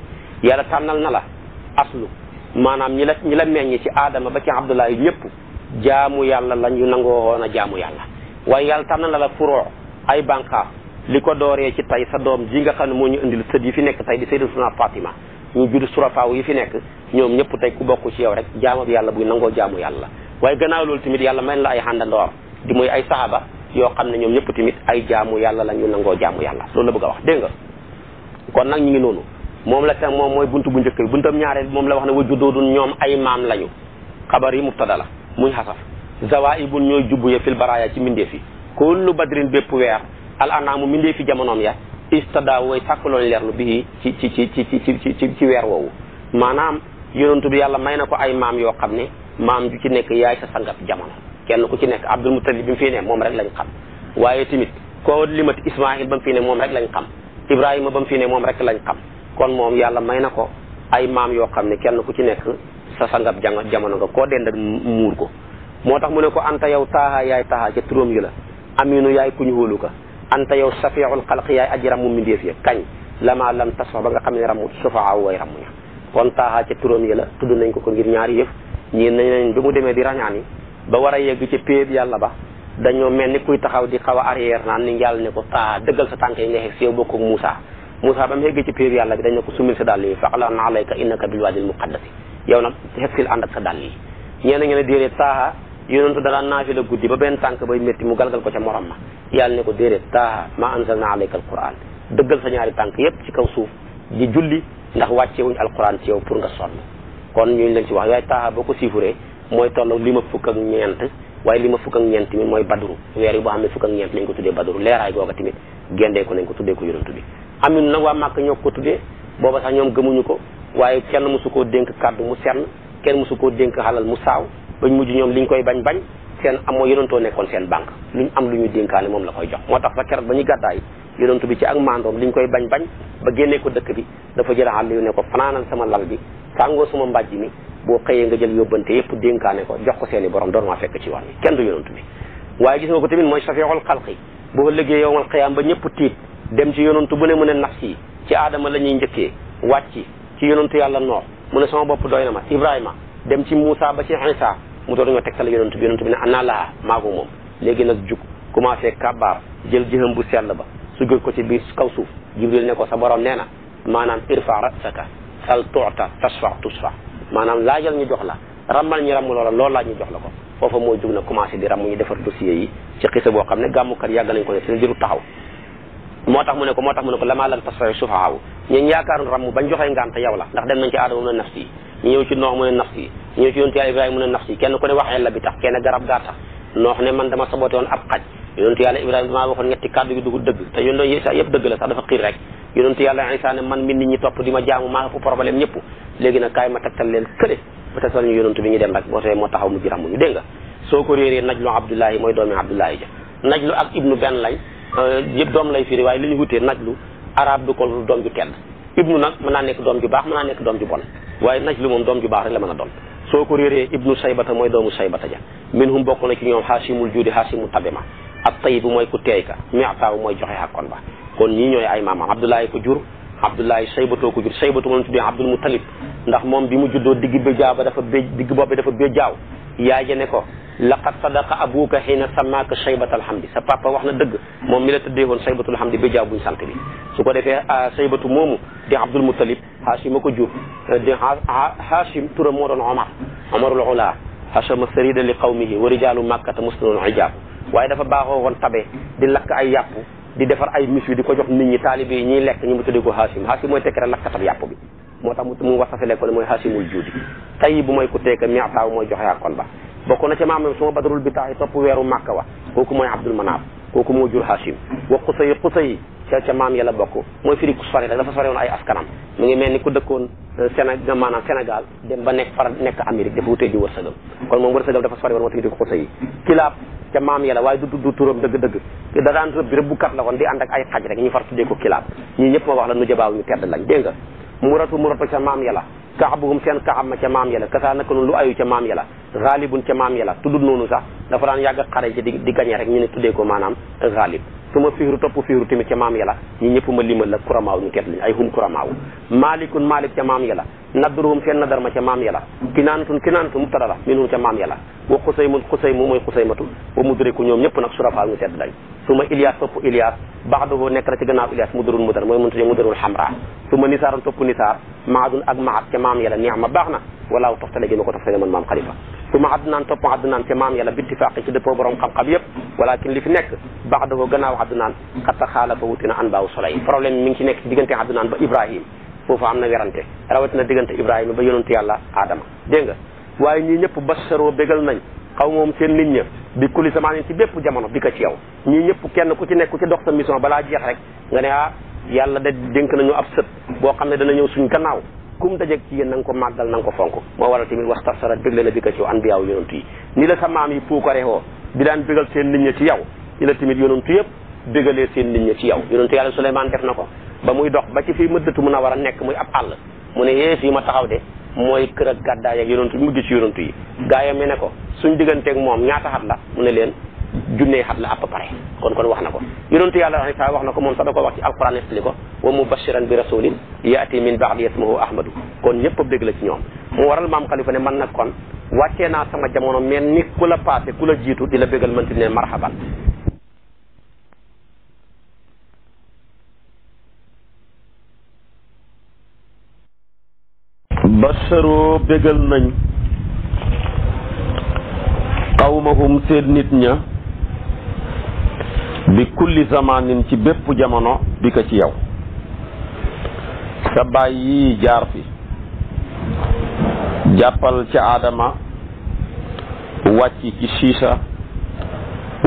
tànnal na la aslu maanaam ñi la ñi la meññ ci aadama ba ci abdoulaye ñëpp jaamu yàlla lañ yu nangoo woon a jaamu yàlla waaye yàlla tànnal na la furoo ay bànqaaf li ko dooree ci tey sa doom jii nga xam ne moo ñu indil sët yi fi nekk tey di sayyidatuna Fatima ñu judd surafaaw yi fi nekk ñoom ñëpp tey ku bokk ci yow rek jaamu yàlla buy nangoo jaamu yàlla waaye gannaaw loolu tamit yàlla may la ay xàndandoor di muy ay saxaaba yoo xam ne ñoom ñëpp tamit ay jaamu yàlla la ñu nangoo jaamu yàlla loolu la bëgg a wax dégg nga kon nag ñu ngi noonu moom la tam moom mooy bunt bu njëkk bi buntam ñaaree moom la wax ne wa juddoodun ñoom ay maam lañu xabar yi mu mubtada la muy xasaf zawa ibun ñooy jubb ya fil baraaya ci mbindeef yi kullu badrin bépp weer al anaamu mbindeef yi jamonoom ya istadaa way sàkk loolu leerlu bi ci ci ci ci ci ci ci weer woowu maanaam yonentu bi yàlla may na ko ay maam yoo xam ne maam ju ci nekk yaay sa sangab jamono kenn ku ci nekk Abdul Muttalib bi mu fi ne moom rek lañ xam waaye tamit koo limat Ismaayil ba mu fi ne moom rek lañ xam Ibrahima ba mu fi ne moom rek lañ xam kon moom yàlla may na ko ay maam yoo xam ne kenn ku ci nekk sa sangab jamono nga ko dend muur ko moo tax mu ne ko anta yow taaha yaay taaha ca turam yi la aminu yaay kuñ hóolu ka anta yow safiixul xalq yaay aji ramu mbindéef ya kañ lama lam tasox ba nga xam ne ramu sufaa way ramu kon taaha ca turam yi la tudd nañ ko ko ngir ñaari yëf ñii nañ leen bi mu demee di rañaan yi ba war a yegg ci péeb yàlla ba dañoo mel ni kuy taxaw di xaw a arrière naan ni yàlla ne ko taa ah, dëggal sa tànk yi nga xeg si yow bokk ak Moussa Moussa ba mu yeggee ci péeb yàlla bi dañ ne ko sumil sa dàll yi faqlan alayka innaka bil waadil muqaddasi yow nag xegsil ànd ak sa dàll yi ñee na ngeen ne déedéet taaha yonentu daraan naafi la guddi ba benn tànk bay métti mu galgal ko ca morom ma yàlla ne ko déedéet taaha ma anzalna alayka alquran dëggal sa ñaari tànk yépp ci kaw suuf di julli ndax wàcce wuñ alquran ci yow pour nga sonn kon ñu lañ ci wax waaye taaha boo ko siifuree mooy tolloog li ma fukk ak ñeent waaye li ma fukk ak ñeent tamit mooy badru weer yi boo xam ne fukk ak ñeent lañ ko tuddee badru leeraay googa tamit gendee ko nañ ko tuddee ko yonantu bi amin nag waa màkk ñoo ko tuddee booba sax ñoom gëmuñu ko waaye kenn mosu koo dénk kàddu mu senn kenn mosu koo dénk xalal mu saaw bañ mujj ñoom liñ koy bañ bañ seen am mooy yonantoo nekkoon seen banque luñ am lu ñu dénkaane moom la koy jox moo tax fa keroog ba ñu gàddaay yonent bi ci ak maandoom liñ koy bañ bañ ba génnee ko dëkk bi dafa jël àll yoone ko fanaanal sama lal bi sàngoo suma mbàjj mi boo xëyee nga jël yóbbante yëpp dénkaane ko jox ko seeni borom door maa fekk ci yoon bi kenn du yonent bi waaye gis nga ko tamit mooy safeexul xalqi boo liggéey yowmal xiyaam ba ñëpp tiit dem ci yonontu bu ne mu ne nafsi yi ci aadama la ñuy njëkkee wàcc ci yonentu yàlla noox mu ne sama bopp doy na ma ibrahima dem ci Moussa ba ci Isa mu dooruñoo tegtal yonent bi yonent bi ne ana laa maa ko moom léegi nag jug commencé kabaar jël jëham bu sell ba sujjóot ko ci biir kaw suuf jibril ne ko sa borom nee na maanaam irfa rasaka sal tuuta tasfa tusfa maanaam laajal ñu jox la rammal ñu ramm loola loolu laaj jox la ko foofa moo jug na commencé di ramm ñu defar dossiers yi ci xisa boo xam ne gàmmukat yàgg nañ ko ne seen jëru taxaw moo tax mu ne ko moo tax mu ne ko lamaa lan tasfa sufahaaw ñun yaakaaroon ramm bañ joxee ngànte yow la ndax dem nañ ci aadama mu ne nafsi yi ñu ñëw ci noox mu ne kenn ku ne waxee la bi tax kenn garab gaa noox ne man dama saboté woon ab xaj yonentu yàlla ibrahima damaa waxoon ñetti kàddu gi dugul dëgg te yon doon isa yëpp dëgg la sax dafa xiir rek yonentu yàlla isa man mi nit ñi topp di ma jaamu maa ëpp problème ñëpp léegi nag kaay ma tegtal leen kële ba tegtal ñu yonentu bi ñu dem rek boo moo taxaw mu jiramu ñu dégg soo ko réeree najlu abdullahi mooy doomi abdullahi ja najlu ak ibnu benn lañ euh, yëpp doom lay firi waaye li ñu wutee najlu arab du ko doom ju tedd ibnu nag naa nekk doom ju baax naa nekk doom ju bon waaye najlu moom doom ju baax rek la a doon soo ko réeree ibnu saybata mooy doomu saybata ja minhum bokk na ci ñoom xaasimul juudi xaasimu tabema ak tayibu mooy ku teey ka miataaw mooy joxe xakkoon ba kon ñii ñooy ay maamam abdoulaye ko jur abdoulaye saybatoo ko jur saybatu moom tuddee abdul mutalib ndax moom bi mu juddoo digg béjaaw ba dafa bé digg bopp bi dafa béjaaw yaay ja ne ko laqad sadaqa abuka xiina samaaka saybatal hamdi sa papa wax na dëgg moom mi la tëddee woon saybatul hamdi ba jaaw buñ sant bi su ko defee ah, saybatu moomu di abdul mutalib hashim a ko jur di hashim turam moo doon omar omarul ula hashama sarida li qawmihi wa rijalu makkata muslimun ijab waaye dafa baaxoo woon tabe di lakk ay yàpp di defar ay mis wi di ko jox nit ñi taalibe yi ñuy lekk ñu mu tuddee ko Haasim Haasim mooy tekkere lakkatab yàpp bi moo tax mu wasafele ko ne mooy Haasimul juudi tey bu mooy ku teeka miataaw mooy joxe akon ba bokk na ci maamam suma badrul bi topp weeru màkka wa kooku mooy Abdul Manaaf kooku moo jur Hashim wa Qusay Qusay ca ca maam ya bokk mooy firi ku sori rek dafa sori woon ay askanam mu ngi mel ni ku dëkkoon euh, Sénégal maanaam Sénégal dem ba nekk far nekk Amérique dafa wutee ji wërsëgam kon moom wërsëgam dafa sori woon moo tax ñu ko Qusay yi kilaab ca maam ya la waaye du turam dëgg-dëgg da daan rëbb bi rëbbukat la kon di ànd ak ay xaj rek ñu far tuddee ko kilaab ñii ñëpp ma wax la nu jabaawuñu tedd lañ dégg nga muratu muratu ca maam yàlla kaxabuhum seen kaxab ma ca maam yàlla kasaa naka noonu lu ayu ca maam yàlla xaalibun ca maam yàlla tuddul noonu sax dafa daan yàgg xare ci di di gañe rek ñu ne tuddee ko maanaam xaalib su ma fiiru topp fiiru tamit ca maam yàlla ñi ñëpp ma limal la kuramaaw ñu teet lañ ay hum kuramaaw maalikun maalik ca maam yàlla nadruhum seen nadar ma ca maam yàlla kinaanatun kinaanatu mubtada la minhum ca maam yàlla wa xusaymun xusaymu mooy xusaymatu wa mudriku ñoom ñëpp nag surafa ñu tedd lañ su ma ilias topp ilias baxduhu nekk na ci gannaaw ilias mudrun mudar mooy mun tuddee mudarul xamra su ma nisaaran topp nisaar maadun ak maat ca maam yàlla neex ma baax na walaaw toftale gi ma ko toftale man maam xalifa suma addunaan topp addunaan ca maam yàlla bittifaaqi ci dëppoo borom xam-xam yëpp walakin li fi nekk baax dafoo gannaaw addunaan xatta xaala fa wutina an baawu solay problème mi ngi ci nekk diggante addunaan ba ibrahim foofu am na werante rawatina diggante ibrahima ba yonentu yàlla aadama dégg nga waaye ñii ñëpp basaroo bégal nañ xaw moom seen nit ña bi kuli samaanin ci bépp jamono bi ko ci yow ñii ñëpp kenn ku ci nekk ku ci dox sa balaa jeex rek nga ne ah yàlla da dénk nañu ab sët boo xam ne dana ñëw suñ gannaaw kum dajeg ci yéen na nga ko màggal na ko fonk moo waral tamit waxtar sara bégle a bi ko ci anbiyaaw yonent yi ni la sa maam yi puukare woo di daan bégal seen nit ñi ci yow ni la tamit yonent yëpp bégalee seen nit ñi ci yow yonent yàlla Suleymaan def na ko ba muy dox ba ci fii mëddatu mun a war a nekk muy ab àll mu ne yee fii ma taxaw de mooy kër a gàddaay ak yonent yi mujj ci yonent yi gaayam mi ne ko suñ digganteeg moom ñaata at la mu ne leen junnee xat la à peu près kon kon wax na ko yonentu yàlla wax na ko moom sax da ko wax ci alquran nettali ko wa mubashiran bi rasulin yaati min baadi ismuhu ahmadu kon ñëpp a dégg la ci ñoom mu waral maam xalifa ne man nag kon wàccee naa sama jamono mais ni ku la passé ku la jiitu di la bégal manti ne marhaban basharoo bégal nañ qawmahum seen nit ña bi kulli zamanin ci bépp jamono bi ko ci yow sa baay jaar fi jàppal ci aadama wàcc ci siisa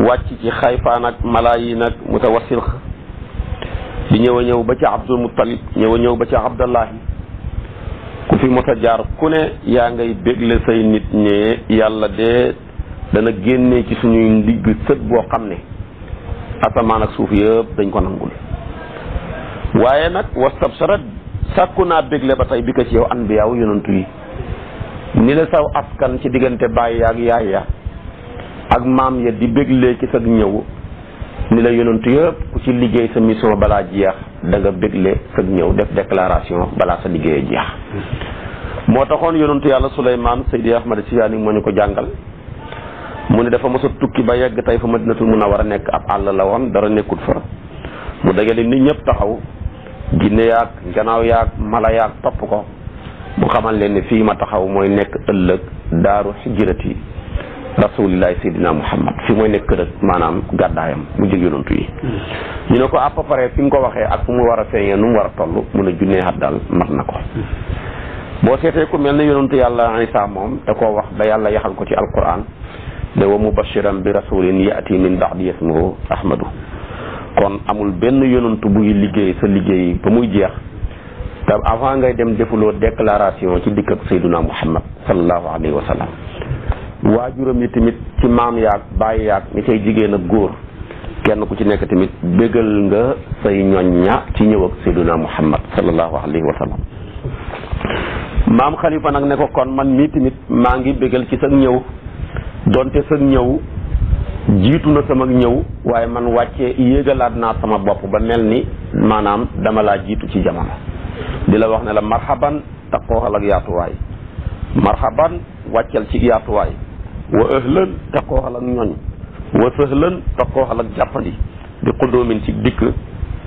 wàcc ci xayfaan ak malaayin ak mutawassil di ñëw a ñëw ba ci abdul muttalib ñëw a ñëw ba ci abdallahi ku fi mos jaar ku ne yaa ngay bégle say nit ñee yàlla de dana génne ci suñuy ndigg sët boo xam ne asamaan ak suuf yëpp dañ ko nangul waaye nag wastabsarat sàkku naa bégle ba tey bi ko ci yow anbiyaaw yonantu yi ni la saw askan ci diggante baay ak yaay ya ak maam ya di béglee ci sag ñëw ni la yonantu yëpp ku ci liggéey sa mission balaa jeex da nga bégle sag ñëw def déclaration balaa sa liggéey jeex moo taxoon yonantu yàlla Suleymaan Seydi Ahmad Tijaani moo ñu ko jàngal mu ne dafa mos a tukki ba yegg tey fa mun a war a nekk ab àll la woon dara nekkul fa mu dajale nit ñëpp taxaw ginne nganaaw njanaaw yaag mala yaag topp ko mu xamal leen ne fii ma taxaw mooy nekk ëllëg daaru hijrati rasulillahi sayyidina muhammad fi mooy nekk rek maanaam gàddaayam mu jëg yonantu yi hmm. ñu ne ko à peu près fi mu ko waxee ak fu mu war a feeñee nu mu war a toll mun a junnee at daal mat na ko hmm. boo seetee ku mel ne yonantu yàlla Isaa moom da koo wax da yàlla yaxal ko ci alquran ne wa mubashiran bi rasulin yaati min ba'di ismuhu ahmadu kon amul benn yonantu buy liggéey sa liggéey ba muy jeex te avant ngay dem defuloo déclaration ci dikk ak sayduna muhammad sallallahu alayhi wa sallam waajuram yi tamit ci maam yaag bàyyi yaag ñi say jigéen ak góor kenn ku ci nekk tamit bégal nga say ñoñña ci ñëw ak sayduna muhammad sallallahu alayhi wa sallam maam xalifa nag ne ko kon man mii tamit maa ngi bégal ci sa ñëw donte sag ñëw jiitu na sama ñëw waaye man wàccee yéegalaat naa sama bopp ba mel ni maanaam dama laa jiitu ci jamono di la wax ne la marhaban takkooxal ak yaatuwaay marhaban wàccel ci yaatuwaay wa ahlan takkooxal ak ñoñ wa sahlan takkooxal ak jàppandi bi xudóomin ci dikk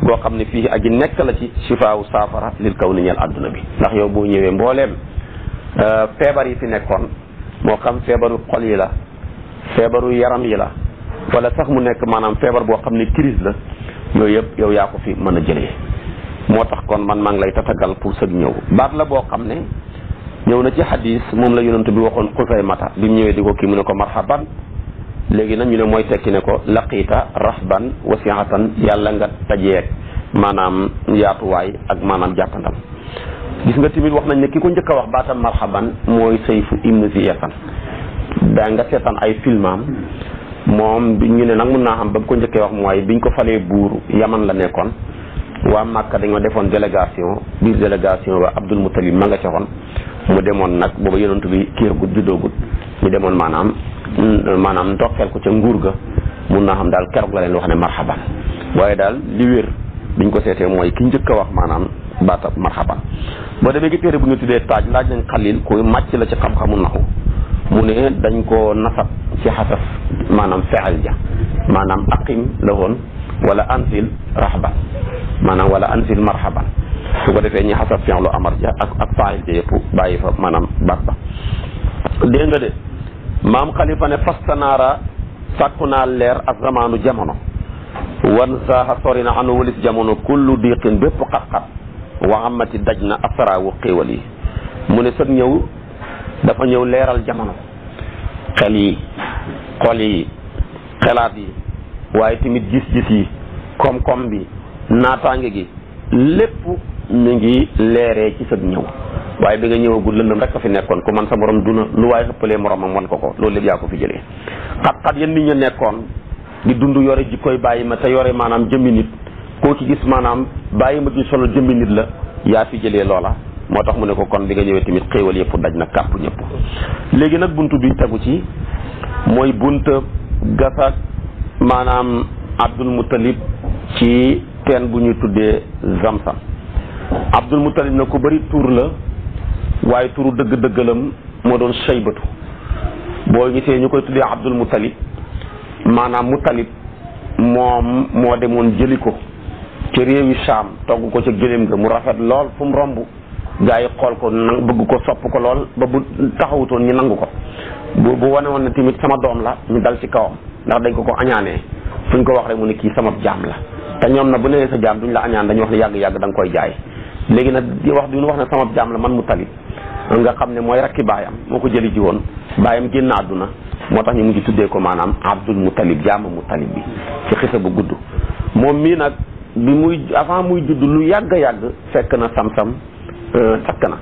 goo xam ne fii yi nekk la ci sifaawu saafara lil kaw ni ñeel àdduna bi ndax yow boo ñëwee mbooleem euh, feebar yi fi nekkoon moo xam feebaru xol yi la feebaru yaram yi la walla sax mu nekk maanaam feebar boo xam ne crise la yooyu yëpp yow yaa ko fi mën a jëlee moo tax kon man maa ngi lay tatagal pour sëg ñëw baat la boo xam ne ñëw na ci xadis moom la yonent bi waxoon Xusaymata bi mu ñëwee di ko kii mu ne ko marhaban léegi nag ñu ne mooy tekki ne ko laqiita rahban wasiatan yàlla nga tajeeg maanaam yaatuwaay ak maanaam jàppandal gis nga tamit wax nañ ne ki ko njëkk a wax baatam marhaban mooy sëy ibnu ziyasan daa nga seetaan ay filmaam moom ñu ne nag mun naa xam ba mu ko njëkkee wax mooy biñ ko falee buur yaman la nekkoon waa Màkka dañoo defoon délégation biir délégation ba Abdul Muttalib ma nga ca xoon mu demoon nag booba yonantu bi kiiragut juddoogut ñu demoon maanaam maanaam ndokkeel ko ca nguur ga mun naa xam daal keroog la leen wax ne marxaban waaye daal li wér biñ ko seetee mooy ki njëkk wax maanaam baata marxaban boo demee gi téere bu ñu tuddee taaj laaj nañ xalil ku màcc la ci xam-xamu naxu mu ne dañ ko nasab ci xasaf maanaam feal ja maanaam aqim la wala ansil rahban maanaam wala ansil marhaban su ko defee ñi xasaf fi'lu amar ja ak ak ja yëpp bàyyi fa maanaam baat ba dégg nga de maam xalifa ne fastanaara sàkku naa leer ak zamaanu jamono wan saaxa sori na xanu walis jamono kullu diqin bépp xat-xat waxamati daj na asaraawu xéewal yi mu ne sëg ñëw dafa ñëw leeral jamono xel yi xol yi xelaat yi waaye tamit gis-gis yi koom-koom bi naataange gi lépp ñu ngi leeree ci sëg ñëw waaye bi nga ñëwagul lëndëm rek a fi nekkoon ku man sa borom duna lu waaye xëppalee moroomam wan ko ko loolu lépp yaa ko fi jëlee xat-xat yan nit ña nekkoon di dund yore jikkoy bàyyi ma te yore maanaam jëmmi nit koo ci gis maanaam bàyyi ma di solo jëmmi nit la yaa fi jëlee loola moo tax mu ne ko kon bi nga ñëwee tamit xéewal yëpp daj na kàpp ñëpp léegi nag bunt bi tegu ci mooy bunt gasak maanaam abdul muttalib ci teen bu ñu tuddee zamsam abdul muttalib na ku bari tur la waaye turu dëgg dëggalam moo doon shaybatu boo gisee ñu koy tuddee abdul muttalib maanaam muttalib moom moo demoon jëli ko ca réewi saam togg ko ci gëléem ga mu rafet lool fu romb gaa yi xool ko nang bëgg ko sopp ko lool ba bu taxawutoon ñu nangu ko bu bu wane woon na tamit sama doom la ñu dal ci kawam ndax dañ ko ko añaanee fuñ ko wax rek mu ne kii sama jaam la te ñoom na bu newee sa jaam duñ la añaan dañu wax ne yàgg-yàgg danga koy jaay léegi nag di wax duñu wax ne sama jaam la man mu talib nga xam ne mooy rakki baayam moo ko jëli ji woon baayam génn àdduna moo tax ñu mujj tuddee ko maanaam abdul mutalib jaamu mutalib bi ci xisa gudd moom mii nag bi muy avant muy judd lu yàgg a yàgg fekk na sam Euh, sakk na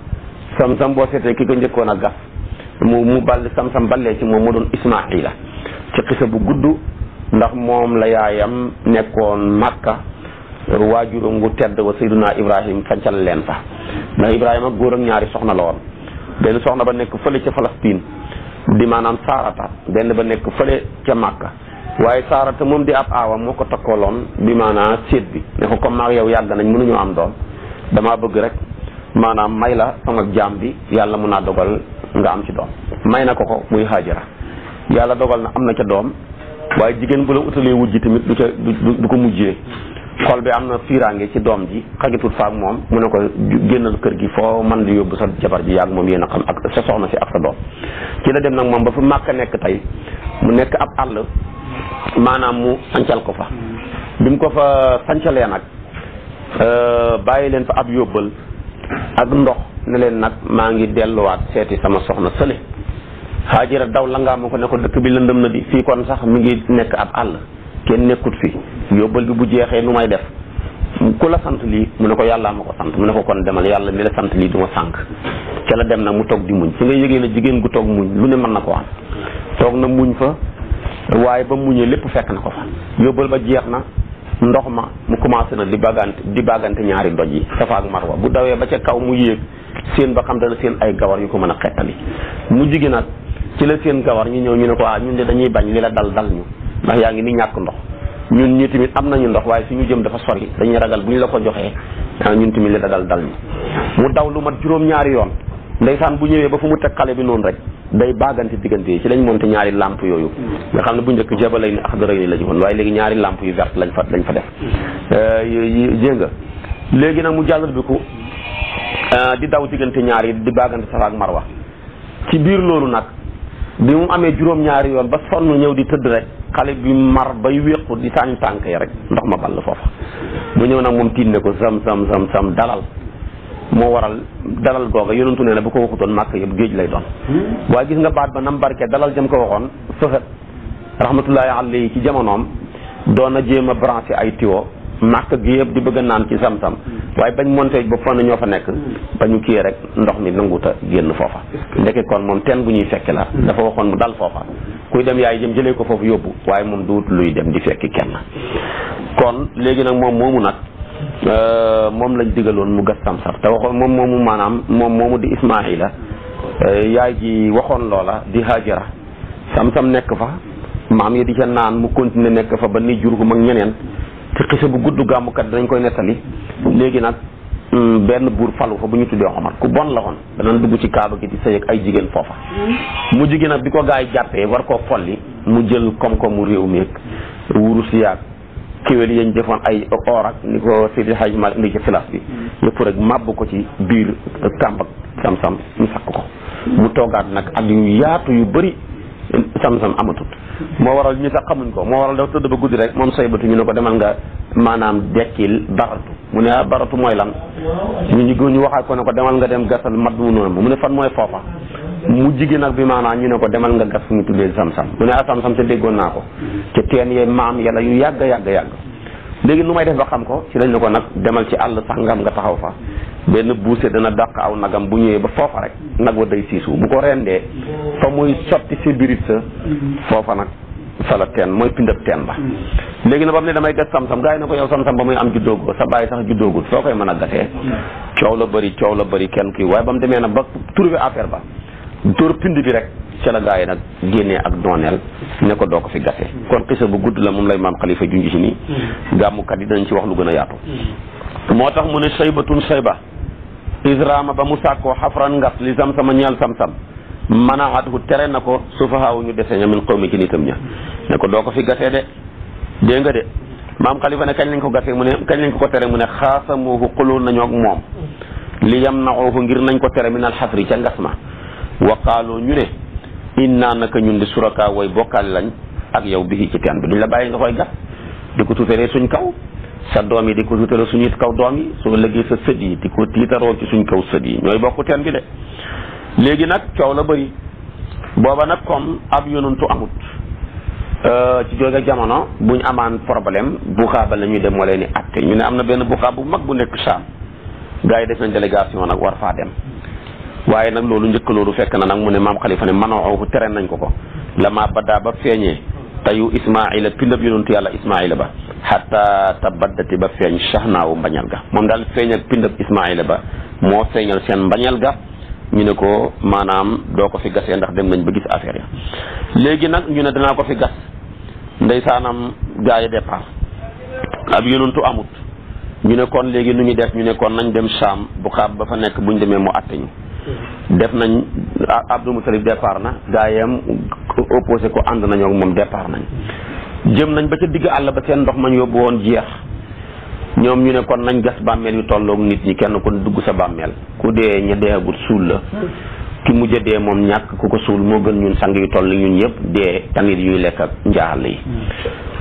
samsam boo seetee ki ko njëkkoon a gas mu mu ball sam-sam ballee ci moom moo doon ismaila ci xisa bu gudd ndax moom la yaayam nekkoon màkka waajuram gu tedd wa sayduna ibrahim sancal leen fa ndax ibrahima ak góor ak ñaari soxna la woon benn soxna ba nekk fële ca Palestine di maanaam saarata benn ba nekk fële ca màkka waaye saarata moom di ab aawam moo ko takkaloon bi maanaa séet bi ne ko comme maag yow yàgg nañ mënuñoo am doom damaa bëgg rek maanaam may la am jaam bi yàlla mun naa dogal nga am ci doom may na ko ko muy Haajara yàlla dogal na am na ca doom waaye jigéen bu la utalee ji tamit du ca du ko mujjee xol bi am na fiiraange ci doom ji xajatut faak moom mu ne ko génnal kër gi foo man di yóbbu sa jabar ji yàgg moom yéen a xam ak sa soxna si ak sa doom ci la dem nag moom ba fu màkk nekk tey mu nekk ab àll maanaam mu sancal ko fa bi mu ko fa sancalee nag euh, bàyyi leen fa ab yóbbal ak ndox ne leen nag maa ngi delluwaat seeti sama soxna sële Haajara daw la ngaa ma ko ne ko dëkk bi lëndëm na di fii kon sax mi ngi nekk ab àll kenn nekkut fi yóbbal bi bu jeexee nu may def ku la sant lii mu ne ko yàllaa ma ko sant mu ne ko kon demal yàlla mi la sant lii du ma sànq ca la dem nag mu toog di muñ fi nga yëgee na jigéen gu toog muñ lu ne mën na ko am toog na muñ fa waaye ba muñee lépp fekk na ko fa yóbbal ba jeex na ndox ma mu commencé na di bagante di bàggante ñaari doj yi safa ak marwa bu dawee ba ca kaw mu yéeg seen ba xam dana seen ay gawar yu ko mën a xettali mu jigi nag ci la seen gawar ñu ñëw ñu ne ko ah ñun de dañuy bañ li la dal dal ñu ndax yaa ngi ni ñàkk ndox ñun ñu tamit am nañu ndox waaye su ñu jëm dafa sori dañuy ragal bu ñu la ko joxee ah, ñun tamit li la dal dal ñu mu daw lu mat juróom-ñaari yoon ndeysaan bu ñëwee ba fu mu teg xale bi noonu rek day baagante diggante yi ci lañ monte ñaari lamp yooyu nga xam ne bu njëkk jabalay ni axdaray ni la ñu woon waaye léegi ñaari lamp yu verte lañ fa lañ fa def jénga euh, léegi nag mu jàllal bi ko euh, di daw diggante ñaar yi di baagante safa ak wa ci biir loolu nag bi mu amee juróom ñaari yoon ba sonn ñëw di tëdd rek xale bi mar bay wéqu di sànni tànk yi rek ndox ma ball foofa mu ñëw nag moom tiit ne ko sam sam sam sam dalal moo waral dalal googa yonantu nee na bu ko waxutoon màkk yëpp géej lay doon hmm. waaye gis nga baat ba nam barke dalal jëm ko waxoon fëxët rahmatullahi alayhi ci jamonoom doon a jéem a branché ay tiwo màkk gi yëpp di bëgg a naan ci sam-sam hmm. waaye bañ monté ba fon na ñoo fa nekk hmm. ba ñu kii rek ndox mi nanguta génn foofa ndeke kon moom teen bu ñuy fekke la dafa waxoon mu dal foofa kuy dem yaay jëm jëlee ko foofu yóbbu waaye moom duut luy dem di fekki kenn kon léegi nag moom moomu nag Euh, moom lañ digaloon mu gas samsar te waxoon moom moomu maanaam moom moomu di ismaila euh, yaay ji waxoon loola di hajara samsam nekk fa maam yi di ca naan mu continuer nekk fa ba ni jur gu mag ñeneen ci xisa bu gudd gàmmukat dañ koy nettali léegi nag mm, benn buur falu fa bu ñu tuddee Omar ku bon la woon danañ dugg ci kaaba gi di sëy ak ay jigéen foofa mu jigéen nag bi ko gaa yi jàppee war koo folli mu jël koom wu réew mi ak wurus yaag kiwél yañ defoon ay or ak ni ko Seydi Hadji Malick indi ci xilaas bi mm. yëpp rek màbb ko ci biir kàmb ak sam-sam ñu sakk ko mu toogaat nag ak yu yaatu yu bëri sam-sam amatut moo waral ñu sax xamuñ ko moo waral dafa tëdd ba guddi rek moom saybatu ñu ne ko demal nga maanaam dekkil baratu mu ne baratu ah, mooy lan ñu ñu waxaat ko ne ko demal nga dem gasal mat mu noonu mu ne fan mooy foofa mu gi nag bi maanaam ñu ne ko demal nga gas fu ñu tuddee sam-sam mu ne asam-sam ah, te déggoon naa ko ca teen yee maam yàlla yu yàgg yàgg yàgg léegi nu may def ba xam ko ci lañ ne ko nag demal ci àll sàngam nga taxaw fa benn buuse dana dàq aw nagam bu ñëwee ba foofa rek nag wa day siisu bu ko rendee fa muy sotti si birit sa foofa nag sala teen mooy pindab teen ba léegi na ba mu ne damay gas sam-sam gars yi ne ko yow sam-sam ba muy am juddoogoo sa bàyyi sax juddoogul soo koy mën a gasee coow la bëri coow la bëri kenn kii waaye ba mu demee nag ba trouvé affaire ba dóor pind bi rek ca yi nag génnee ak dooneel ne ko doo ko fi gase mm. kon xisa bu gudd la moom lay maam xalifa junj si nii mm. gàmmukat yi danañ ci wax lu gën a yaatu mm. moo tax mu ne saybatun sayba ma ba mu sàkkoo xafran ngat li sam-sama ñeel sam-sam manaathu tere na ko sufahaawu ñu dese ña min xawmi ci nitam ña ne ko doo ko fi gasee de dégg nga de maam xalifa ne kañ lañ ko gasee mu ne kañ lañ ko ko tere mu ne xaasa moofu xuloon nañu ak moom li yam naxoofu ngir nañ ko tere min al xasri ca ngas ma waqaaloo ñu ne innaa naka ñun di suraka way bokkaale lañ ak yow bi ci teen bi duñ la bàyyi nga koy gat di ko tuutalee suñ kaw sa doom yi di ko tuutaloo suñu kaw doom yi soo lëggee sa yi di ko tiitaroo ci suñ kaw sët yi ñooy bokku teen bi de léegi nag coow la bëri booba nag comme ab yonantu amut euh, ci jóge jamono buñ amaan problème buxaaba la ñuy dem moo leen ni atte ñu ne am na benn buxaab bu mag bu nekk saam gaa yi def nañ délégation nag war faa dem waaye nag loolu njëkk loolu fekk na nag mu ne maam xalifa ne manooxu tere nañ ko ko lama baddaa ba feeñee tayu ismaila pindab yonentu yàlla ismaila ba xataa tabaddati ba feeñ sahnaawu mbañal ga moom daal feeñ ak pindab ismaila ba moo feeñal seen mbañal ga ñu ne ko maanaam doo ko fi gasee ndax dem nañ ba gis affaire ya léegi nag ñu ne danaa ko fi gas ndeysaanam gaa yi départ ab yonentu amut ñu ne kon léegi nu ñu def ñu ne kon nañ dem saam bu xaab ba fa nekk buñ demee mu àtte def nañ Abdou Moutalib départ na gaayam opposé ko ànd nañoo moom départ nañ jëm nañ ba ca digg àll ba seen ndox mañ yóbbu woon jeex ñoom ñu ne kon nañ gas bàmmeel yu tolloog nit ñi kenn kon dugg sa bàmmeel ku dee ña deeagut suul la ki mujj dee moom ñàkk ku ko suul moo gën ñun sang yu toll ñun ñëpp dee tamit yuy lekk ak yi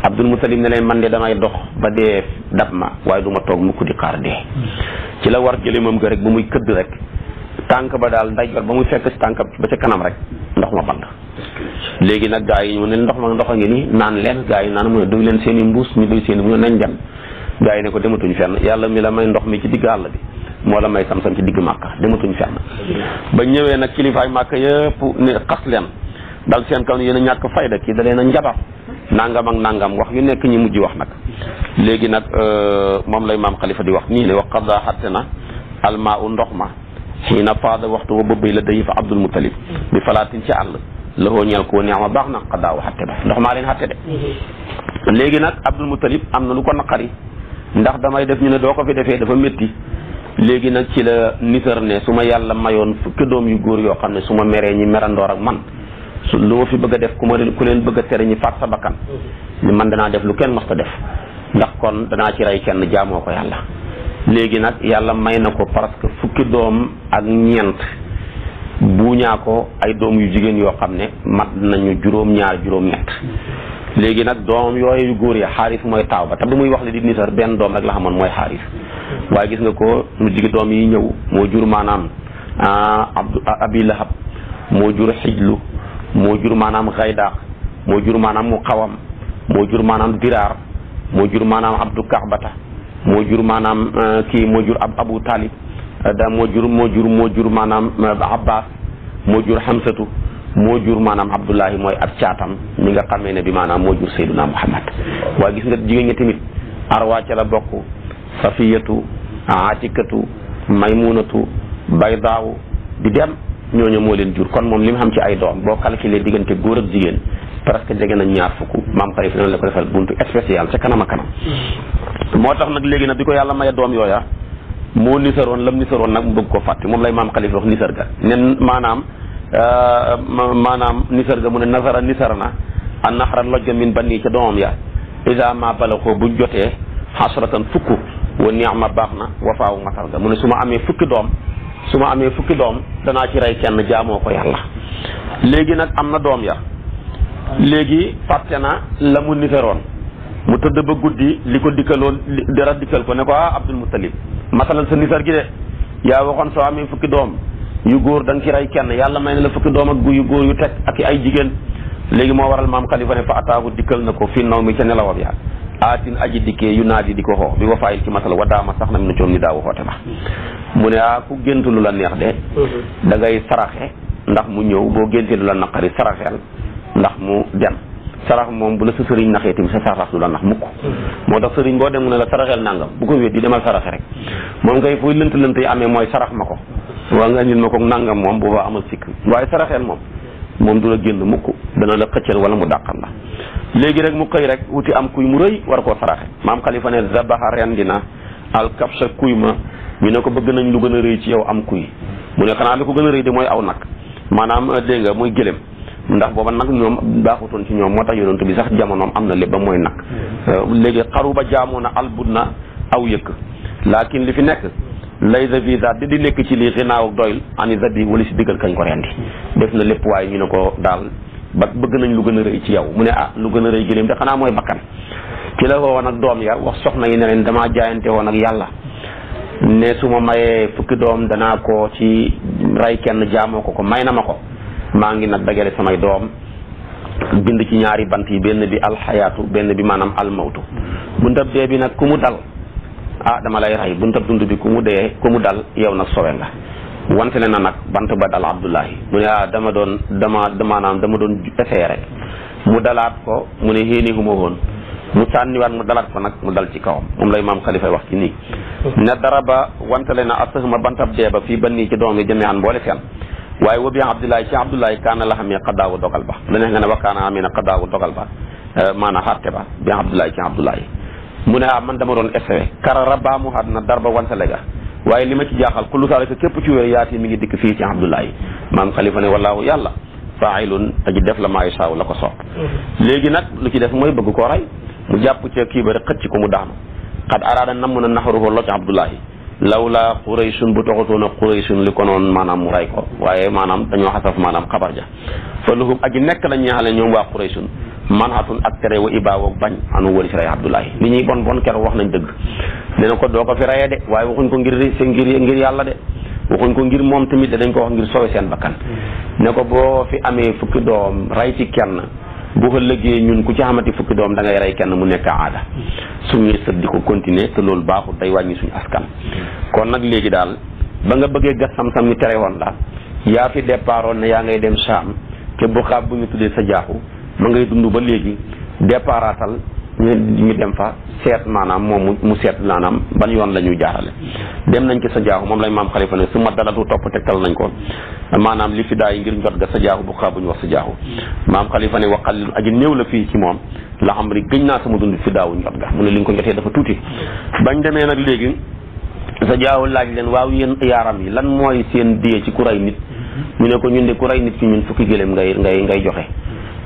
Abdul Musalim ne leen man de damay dox ba dee dab ma waaye du ma toog mukk di xaar dee hmm. ci la war jële moom ga rek ba muy këdd rek tànk ba daal ndeyjoor ba mu fekk si tànk ba ca kanam rek ndox ma band léegi nag gaa yi mu ne ndox ma ndox a ngi nii naan leen gaa yi naan mu ne leen seen i mbuus ñu duy seen i mu nañ dem gaa yi ne ko dematuñ fenn yàlla mi la may ndox mi ci digg àll bi moo la may sam-sam ci digg màkka dematuñ fenn ba ñëwee nag kilifaay màkka yëpp ne xas leen dal seen kaw ne yéen a ñàkk fayda kii da leen a njabar nangam ak nangam wax yu nekk ñi mujj wax nag léegi nag euh, moom lay maam xalifa di wax nii ne wax xada xatte na almaa u ndox ma xiina faada waxtu wa bëbbay la dayi fa abdul mutalib bi falaatin ci àll lahoo ñeel ko neex ma baax na xadaaw xatte ba ndox maa leen xatte de léegi nag abdul mutalib am na lu ko naqari ndax damay def ñu ne doo ko fi defee dafa métti léegi nag ci la nitar ne su ma yàlla mayoon fukki doom yu góor yoo xam ne su ma meree ñi merandoor ak man su lu ma fi bëgg a def ku ma ku leen bëgg a tere ñi faat sa bakkan ni man danaa def lu kenn masta def ndax kon danaa ci rey kenn jaamoo ko yàlla léegi nag yàlla may na ko parce que fukki doom ak ñeent buuñaa ko ay doom yu jigéen yoo xam ne mat nañu juróom-ñaar juróom-ñett léegi nag doom yooyu góor ya xaarif mooy taaw ba te bu muy wax ne di nisar benn doom rek la xamoon mooy xaarif waaye gis nga ko mu jigi doom yi ñëw moo jur maanaam ah, abdu abi lahab moo jur xijlu moo jur maanaam xaydaax moo jur maanaam mu xawam moo jur maanaam diraar moo jur maanaam abdu bata moo jur maanaam euh, kii moo jur ab Abu Talib euh, da moo jur moo jur moo jur maanaam euh, Abbas moo jur Hamsatu moo jur maanaam Abdullahi mooy ab caatam mi nga xamee ne bi maanaam moo jur Sayyiduna Muhammad waaye gis nga jigéen ñi tamit Arwa ca la bokk Safiyatu Atikatu Maymunatu Baydaawu di dem ñooñu moo leen jur kon moom li mu xam ci ay doom boo calculé diggante góor ak jigéen presque jege na ñaar fukk maam xarit noonu la ko defal buntu spécial ca kanam a kanam moo tax nag léegi nag bi ko yàlla maye doom yooya moo nisaroon lam nisaroon nag mu bëgg ko fàtte moom lay maam xalifa wax nisar ga nen maanaam euh, maanaam nisar ga mu ne nasara nisar na a naxara loj ga min banni ca doomam ya isa ma balaxoo bu jotee xasratan fukk wa neex ma baax na wafaawu matar ga mu ne su ma amee fukki doom su ma amee fukki doom danaa ci rey kenn jaamoo ko yàlla léegi nag am na doom ya léegi fàtte na la mu nisaroon mu tëdd ba guddi li ko dikkaloon dara dikkal ko ne ko ah Abdul Muttalib matalal sa nisar gi de yaa waxoon soo amee fukki doom yu góor da ci rey kenn yàlla may na la fukki doom ak gu yu góor yu teg ak ay jigéen léegi moo waral maam xalifa ne fa ataahu dikkal na ko fii naw mi ca nelawam yaa aatin aji dikkee yu naat yi di ko xoo bi wa fayil ci matal wadaama sax na mi na coom ni daawu xoote ba mu ne ah ku gént lu la neex de mhm. da ngay saraxe ndax mu ñëw boo géntee lu la naqari saraxeel ndax mu dem sarax moom bu la sa sëriñ naxee tamit sa sarax du la nax mukk moo tax sëriñ boo dem mu ne la saraxeel nangam bu ko wéet di demal saraxe rek moom kay fuy lënt lënt yi amee mooy sarax ma ko waa nga indil ma ko nangam moom fa amal sikk waaye saraxeel moom moom du la génn mukk dana la xëccal wala mu dàqal la léegi rek mu xëy rek wuti am kuy mu rëy war koo saraxe maam xalifa da zabaxa ren dina alkabsa kuy ma ñu ne ko bëgg nañ lu gën a rëy ci yow am kuy mu ne xanaa ko gën a rëy de mooy aw nag maanaam dégg nga muy gëlem ndax booba nag ñoom baaxutoon ci ñoom moo tax yonent bi sax jamonoom am na lépp ba mooy nag euh, léegi xaru ba jaamoon a albut na aw yëkk laakin li fi nekk lay visa di di lekk ci lii xinaaw ak doyl ani zabi wala si diggal kañ ko rendi def na lépp waaye ñu ne ko daal ba bëgg nañ lu gën a rëy ci yow mu ne ah lu gën a rëy gëléem de xanaa mooy bakkan ci la woon ak doom ya wax soxna yi ne leen damaa jaayante woon ak yàlla ne su ma mayee fukki doom danaa ko ci rey kenn jaamoo ko ko may na ma ko maa ngi nag dajale samay doom bind ci ñaari bant yi benn bi alxayaatu benn bi maanaam almawtu buntab dee bi nag ku mu dal ah dama lay rey buntab dund bi ku mu dee ku mu dal yow nag sowe nga wante ne na nag bant ba dal abdullahi mu ne ah dama doon dama maanaam dama doon essayé rek mu dalaat ko mu ne xéeni huma woon mu sànniwaat mu dalaat ko nag mu dal ci kawam moom lay maam xalifay wax ci nii mm-hmm. ne dara ba wante le na asahuma bantab dee ba fii ba nii ci doom yi an boole waaye wa bi abdullahi ci abdullahi kaana la xamee xaddaawu dogal ba la ba eh, maanaam xatte ba bi abdullahi ci abdullahi mu ne a ah, man dama doon essayé kara rabaamu xaat na darba wansale ga waaye li ma ci jaaxal kullu saalika képp ci wér yaati mi ngi dikk fii ci abdullahi maam xalifa ne wallaahu yàlla faailun aji def la maayu saaw la ko soob mm-hmm. léegi nag lu ci def mooy bëgg ko rey mu jàpp ci kii ba xëcc ko mu daanu xad araada nam mun a naxaruhu locc lawlaa quraysun bu taxutoona quraysun li ko noon maanaam mu ray ko waaye maanaam dañoo xasaf maanaam xabar ja fa lahum aji nekk lañ ñaaxale ñoom waa quraysun manhatun ak tere wa ibaaw bañ anu wali si ray abdoulahi li ñuy bon bon keroog wax nañ dëgg nee na ko doo ko fi rayee de waaye waxuñ ko ngir ngir ngir yàlla de waxuñ ko ngir moom tamit dañ ko wax ngir sowe seen bakkan mm. ne ko boo fi amee fukki doom ray ci kenn bu ëllëgee ñun ku ci amati fukki doom da rey kenn mu nekk aada suñuy sët di ko continuer te loolu baaxul day wàññi suñu askan kon nag léegi daal ba nga bëggee gas sam-sam ñu tere woon la yaa fi départoon ne yaa ngay dem Saam te bu xaab bu ñu tuddee sa jaaxu ma ngay dund ba léegi départatal ñu ñu dem fa seet maanaam moom mu seet maanaam ban yoon la ñuy jaarale dem nañ ko sa jaaxu moom lañ maam xalifa ne su ma dalatu topp tegtal nañ ko maanaam li fi daay ngir njot ga sa jaaxu bu xaa bu ñu wax sa jaaxu maam xalifa ne wax waxal aji néew la fii ci moom la xam ri gëñ naa sama dund fi daawu njot ga mu ne li ko njotee dafa tuuti bañ demee nag léegi sa jaaxu laaj leen waaw yéen yaaram yi lan mooy seen diyee ci ku rey nit ñu ne ko ñun de ku rey nit ci ñun fukki gëléem ngay ngay ngay joxe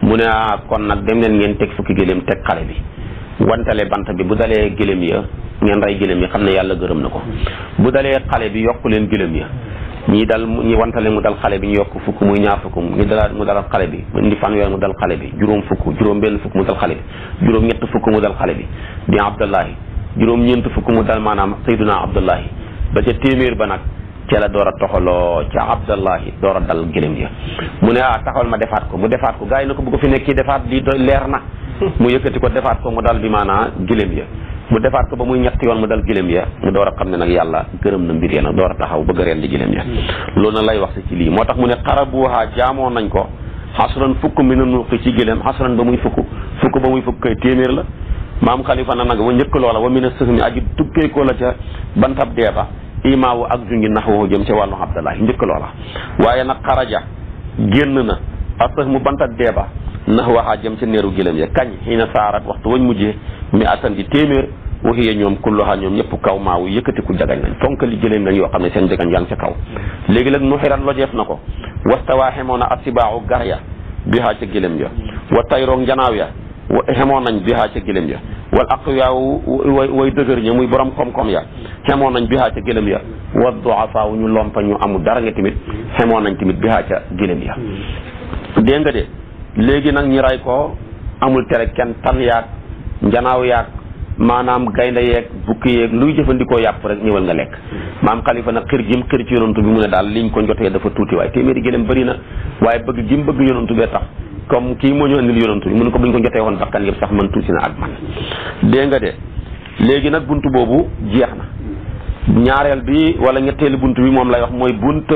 mu ne ah, kon nag dem leen ngeen teg fukki gëléem teg xale bi wantale bant bi bu dalee gëlëm ya ngeen rey gëlëm ya xam ne yàlla gërëm na ko bu dalee xale bi yokk leen gëlëm ya ñii dal ñi wantale mu dal xale bi ñu yokk fukk muy ñaar fukk mu dalaat mu dal xale bi indi fanweer mu dal xale bi juróom fukk juróom benn fukk mu dal xale bi juróom ñett fukk mu dal xale bi di abdullahi juróom ñeent fukk mu dal maanaam sayduna abdullahi ba ca téeméer ba nag ca la door a toxaloo ca Abdallahi door a dal gëlëm ya mu ne ah taxawal ma defaat ko mu defaat ko gars yi na ko bëgg fi nekk kii defaat lii doy leer na mu yëkkati ko defaat ko mu dal bi maanaa gëlëm ya mu defaat ko ba muy ñetti yoon mu dal gëlëm ya mu door a xam ne nag yàlla gërëm na mbir ya nag door a taxaw bëgg a rendi gëlëm ya loolu nag lay wax si ci lii moo tax mu ne xarabuha jaamoon nañ ko xasran fukk mi na nuqi ci gëlëm xasran ba muy fukk fukk ba muy fukk kay téeméer la maam xalifa na nag wa njëkk loola wa mi na sëf mi aji tukkee ko la ca bantab deeba imaawu ak junj naxwu jëm ca wàllu abdallah njëkk loola waaye nag xaraja génn na asax mu banta deeba nax waxaa jëm ca neeru gëlëm ya kañ xiina saarat waxtu wañ mujje mi atan di téeméer waxiye ñoom kulluha ñoom ñëpp kaw maawu yëkkatiku jagañ nañ fonk li gëléem nañ yoo xam ne seen jagañ yaa ngi ca kaw léegi nag nu xiran lojeef na ko waa xemoon na asibaaxu gar ya bihaa ca gëléem ya wa tayroog njanaaw ya wa xemoon nañ bihaa ca gëléem ya wal aqwiyaaw way way dëgër ña muy borom koom-koom ya xemoon nañ bihaa ca gëlëm ya wa duafaaw ñu lompa ñu amul dara nga tamit xemoon nañ tamit bihaa ca gëlëm ya dégg de léegi nag ñi ray ko amul tere kenn tan yaag njanaaw yaag maanaam gaynde yeeg bukki yeeg luy jëfandikoo yàpp rek ñëwal nga lekk maam xalifa nag xir gim xir ci yonantu bi mu ne daal liñ ko njotee dafa tuuti waaye téeméeri gëlëm bëri na waaye bëgg gim bëgg yonantu bee tax comme kii moo ñu andil yonantu bi mu ne ko buñ ko jotee woon bakkan yëpp sax man tuuti na ak man dégg nga de léegi nag bunt boobu jeex na ñaareel bi wala ñetteeli bunt bi moom lay wax mooy bunt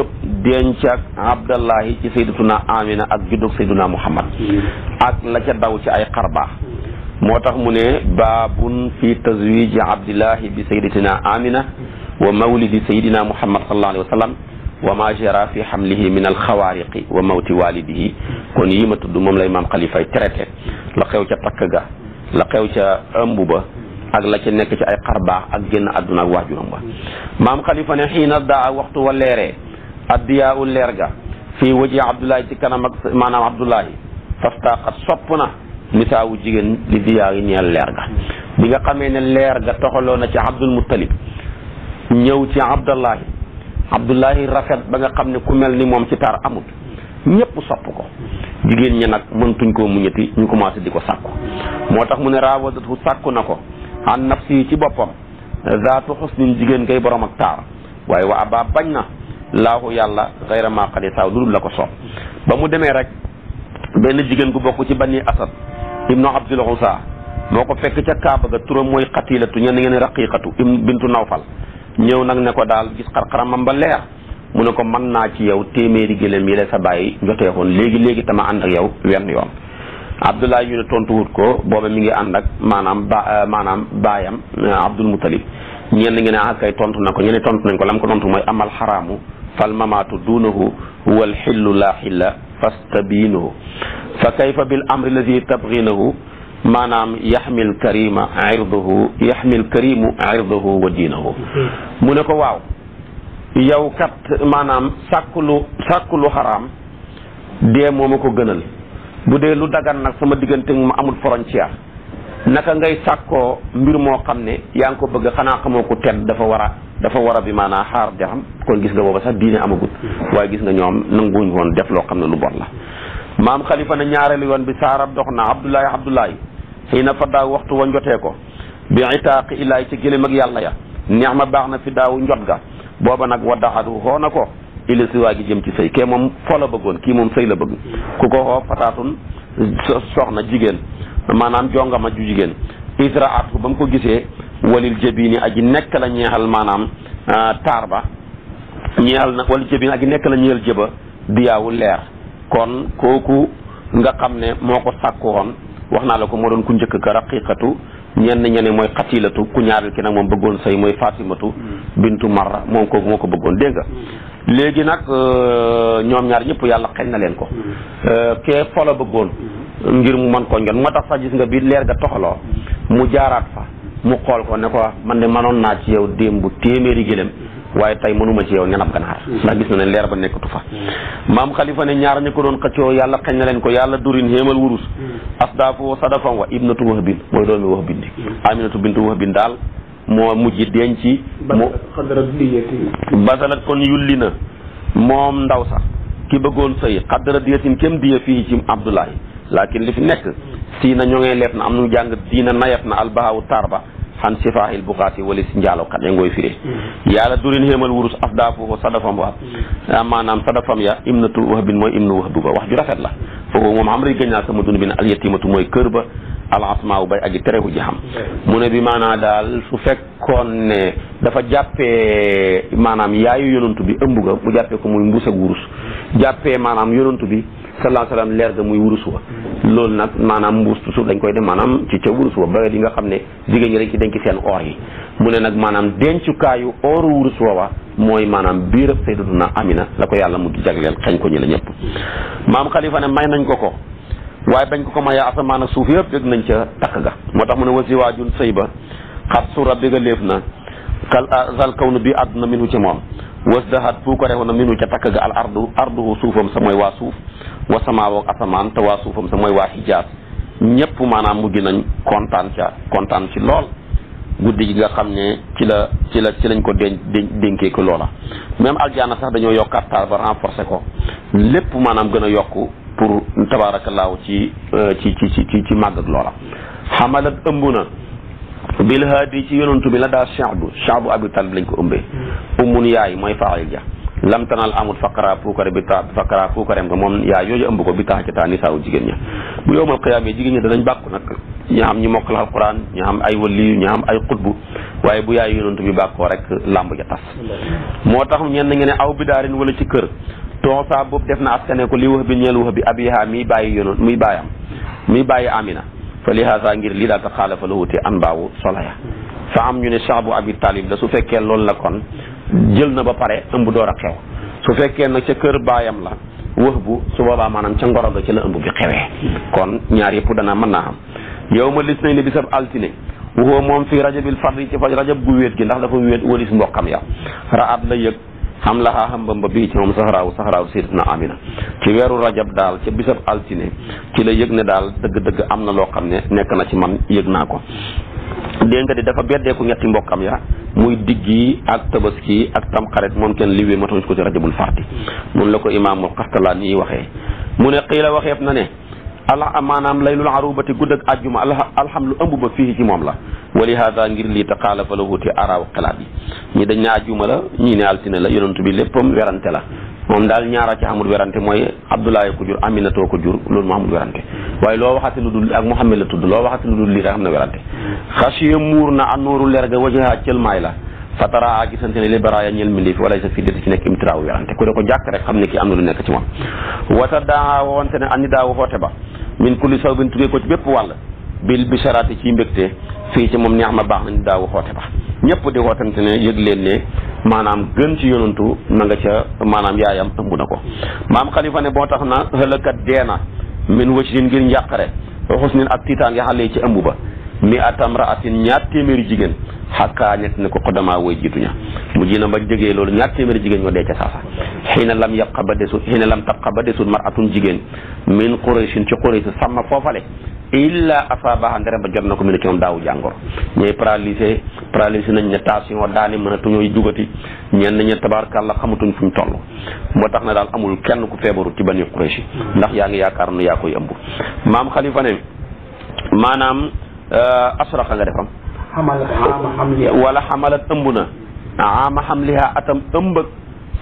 denc ak abdallahi ci sayyidatuna amina ak juddug sayyiduna muhammad ak la ca daw ci ay xarbaax moo tax mu ne baabun fi tazwiji abdillahi bi sayyidatina amina wa mawlidi sayyidina muhammad sallallahu alayhi wa sallam wa ma jara fi xamlihi min alxawaariqi wa mawti walidihi kon yi ma tudd moom lay maam xalifay traité la xew ca takk ga la xew ca ëmb ba ak la ca nekk ci ay xarbaax ak génn àdduna ak waajuram ba maam xalifa ne xiina daa waxtu wa leeree addiyaa u leer ga fii waji abdoulahi ci kanam ak maanaam abdoulahi fastaqat sopp na nisaawu jigéen li diyaa yi ñeel leer ga bi nga xamee ne leer ga toxaloo na ci abdul muttalib ñëw ci abdallahi Abdullahi rafet ba nga xam ne ku mel ni moom ci taar amut ñëpp sopp ko jigéen ñi nag mëntuñ koo muñati ñu commencé di ko sàkku moo tax mu ne raawadatu sàkku na ko an nafsi yi ci boppam zaatu xusnin jigéen kay borom ak taar waaye wa baa bañ na laahu yàlla xayra maa xadi saaw lu dul la ko soob ba mu demee rek benn jigéen gu bokk ci bani asad ibnu loxo saa moo ko fekk ca kaaba ga turam mooy xatiilatu ñenn ngeen raqiqatu ibnu bintu nawfal ñëw nag ne ko daal gis xar-xaramam ba leer mu ne ko man naa ci yow téeméeri gëléem yi la sa bàyyi joteexoon léegi léegi tama ànd ak yow wenn yoon abdullah yu ne tontuwut ko booba mi ngi ànd ak maanaam ba euh, maanaam baayam euh, abdul mutalib ñenn ngi ne ah, tontu na ko ñenn tontu nañ ko lam ko tontu mooy amal xaraamu fal mamaatu duunahu wal xillu laa xilla fastabiinuhu fa kayfa bil amri lazi tabginahu maanaam yaxmil karima irduhu yaxmil karimu irduhu wa diinahu mu ne ko waaw yow kat maanaam sàkk lu sàkk lu xaraam dee moo ma ko gënal bu dee lu dagan nag sama diggante mu amul frontière naka ngay sàkkoo mbir moo xam ne yaa ngi ko bëgg xanaa xamoo ko tedd dafa war dafa war a bi maanaa xaar de xam kon gis nga booba sax diine amagut waaye gis nga ñoom nanguñ woon def loo xam ne lu bon la maam xalifa na ñaareelu yoon bi saarab dox na abdoulaye abdoulaye xiina fa daaw waxtu wa njotee ko bi itaaqi ilaay ci gëléem ak yàlla ya neex ma baax na fi daawu njot ga booba nag wa daxadu xoo na ko ili waa gi jëm ci sëy kee moom foo la bëggoon kii moom sëy la bëgg ku ko xoo fataatun soxna jigéen maanaam jongama ju jigéen israat ko ba mu ko gisee walil jabini aji nekk la ñeexal maanaam ah, taar ba ñeexal na walil jabini aji nekk la ñeexal jëba diyaawu leer kon kooku nga xam ne moo ko sàkku woon wax naa la ko moo doon ku njëkk ka raqiqatu ñenn ñene mooy xatilatu ku ñaareel ki nag moom bëggoon sëy mooy fatimatu bintu marra moom ko moo ko bëggoon dégg nga léegi nag euh, ñoom ñaar ñëpp yàlla xeñ na leen ko euh, kee folo bëggoon ngir mu mën ko njoon moo tax sax gis nga bi leer ga toxaloo mu jaaraat fa mu xool ko ne ko man de manoon naa ci yow démb téeméeri gëlem waaye tey mënuma ci yow ñanab ganaar mm-hmm. ndax gis na ne leer ba nekkatu fa mm-hmm. maam xalifa ne ñaar ñi ko doon xëccoo yàlla xañ na leen ko yàlla durin xéemal wurus mm-hmm. asdaafo sadafam wa ibnatu wax bin mooy doomi wax bindi aminatu bintu wax bin daal moo mujj denc mu basalat kon yulli na moom ndaw sax ki bëggoon sëy xaddara diyatin kem diya fii ci abdoulahi laakin li fi nekk sii na ñoo ngee leet na am nu jàng na nayat na taar ba han sifahil bukaati walis njaalokat e ngoy firee mm-hmm. yàlla durin xéemal wurus af daafoofo sadafam wa mm-hmm. ah, maanaam sadafam ya imnatu wahbin mooy imnu wahbu wax ju rafet la foofu moom xam rek gën naa sama dund bi ne alyatimatu mooy kër ba alasma wu bay aji terewu ji xam mm-hmm. mu ne bi maanaa daal su fekkoon ne dafa jàppee maanaam yaayu yonontu bi ëmb ga mu jàppee ko muy mbuus ak wurus jàppee maanaam yonantu bi sallallahu alayhi wa leer ga muy wurus wa loolu nag maanaam mbuus toujours dañ koy def maanaam ci ca wurus wa ba yi nga xam ne jigéen ñi dañ ci denc seen or yi mu ne nag maanaam dencukaayu ooru wurus wa wa mooy maanaam biir biirab sayyidatuna Amina la ko yàlla mu jagleel xañ ko ñu la ñëpp maam Xalifa ne may nañ ko ko waaye bañ ko ko mayee asamaan ak suuf yëpp yëg nañ ca takk ga moo tax mu ne wasi waajun sëy ba xat su rabbi ga léef na kal a ah, kaw nu bi àdduna minu ci moom wasdahat ko woon na minu ca takk ga al ardu arduhu suufam sa mooy waa suuf wa samaaw ak asamaan te waa suufam sa mooy waa xijaas ñëpp maanaam mujj nañ kontaan ca kontaan ci lool guddi gi nga xam ne ci la ci la ci lañ ko den dénkee ko loola même aljaana sax dañoo yokkaat taal ba renforcer ko lépp maanaam gën a yokk pour tabaarakallaahu ci euh, ci ci ci ci màgg loola xamalat ëmb na bil haadi ci yonantu bi la daa chaabu chaabu abi talib lañ ko ëmbee ummun yaay mooy faayil ja lam tanal amul faqara puukare bi ta faqara puukareem nga moom yaay yooyu ëmb ko bi tax ca taa ni saawu jigéen ña bu yowmal qiyaama jigéen ña danañ bàkku nag ñi am ñi mokkal alquran ñi am ay waliyu ñi am ay xutbu waaye bu yaay yonantu bi bàkkoo rek làmb ja tas moo tax ñenn ngeen ne aw bidaarin wala ci kër toosaa boobu def na askane ko li wax bi ñeel wax bi abiha miy bàyyi yonoon muy bàyyam fa li haasa ngir lii daal ta xaalafa lahu te an baawu solaya fa am ñu ne saabu abi talib la su fekkee loolu la kon jël na ba pare ëmb door a xew su fekkee nag ca kër baayam la wëx bu su boobaa maanaam ca ngoro ga ci la ëmb bi xewee kon ñaar yëpp dana mën naa am yow ma lis nañ ne bi bisab altine waxoo moom fii rajabil fardi ci faj rajab gu wéet gi ndax dafa wéet walis mbokkam ya raat la yëg xam am laxaa xambamba bii ci moom saxaraaw saxaraaw sayyidatuna amina ci weeru rajab daal ca bisab altine ci la yëg ne daal dëgg-dëgg am na loo xam ne nekk na ci man yëg naa ko dégg nga di dafa beddeeku ñetti mbokkam ya muy diggi ak tabaski ak tamxarit moom kenn li wee matuñ ko ci rajabul fardi noonu la ko imaamul xastalaani yi waxee mu ne xiila waxeef na ne ala maanaam laylul arubati gudd ak àjjuma alxam lu ëmb ba fii ci moom la wali hada ngir lii taxaalafa la wuti araaw xilaat yi ñi dañ ne àjjuma la ñii ne altine la yonent bi léppam werante la moom daal ñaara ci amul werante mooy abdoulaye ko jur aminatoo ko jur loolu moo amul werante waaye loo waxati lu dul ak muhammad la tudd loo waxati lu dul lii rek xam na werante xasiya muur na anooru leer ga cëlmaay la fatara a gisante ne li baraaya ñeel mbindeef wala sa fi dét ci nekk imtiraaw werante ku de ko jàkk rek am na lu nekk ci moom wata daa daaw xoote ba min kulli saw bin tukkee ko ci bépp wàll bil bisaraati ci mbégte fii ci moom neex ma baax nañu daawu xoote ba ñëpp di xootante ne yëg leen ne maanaam gën ci yonantu na nga ca maanaam yaayam ëmb na ko maam xalifa ne boo tax na xëlëkat dee na min wëcc ngir njàqare xus nin ak tiitaan yaxale ci ëmb ba mi atam raatin ñaar téeméeri jigéen xakkaa nekk na ko xodamaa woy jiitu ña mujj na ba jógee loolu ñaar téeméeri jigéen ñoo dee ca saasa xii na lam yabqa ba desul xii na lam tabqa ba desul maratun jigéen min quraysin ci qurays sàmm foofale illa asaabaha ndere ba jot na ko mi ne ci moom daawu jàngoro ñooy paralysé paralysé nañ ne tension daani mënatuñoo dugati ñenn ñi la xamatuñ fu ñu toll moo tax na daal amul kenn ku feebaru ci bani quraysh ndax yaa ngi yaakaar nu yaa koy ëmb Euh, asraqa nga defam wala xamalat ëmb na ama xamliha atam ëmbëg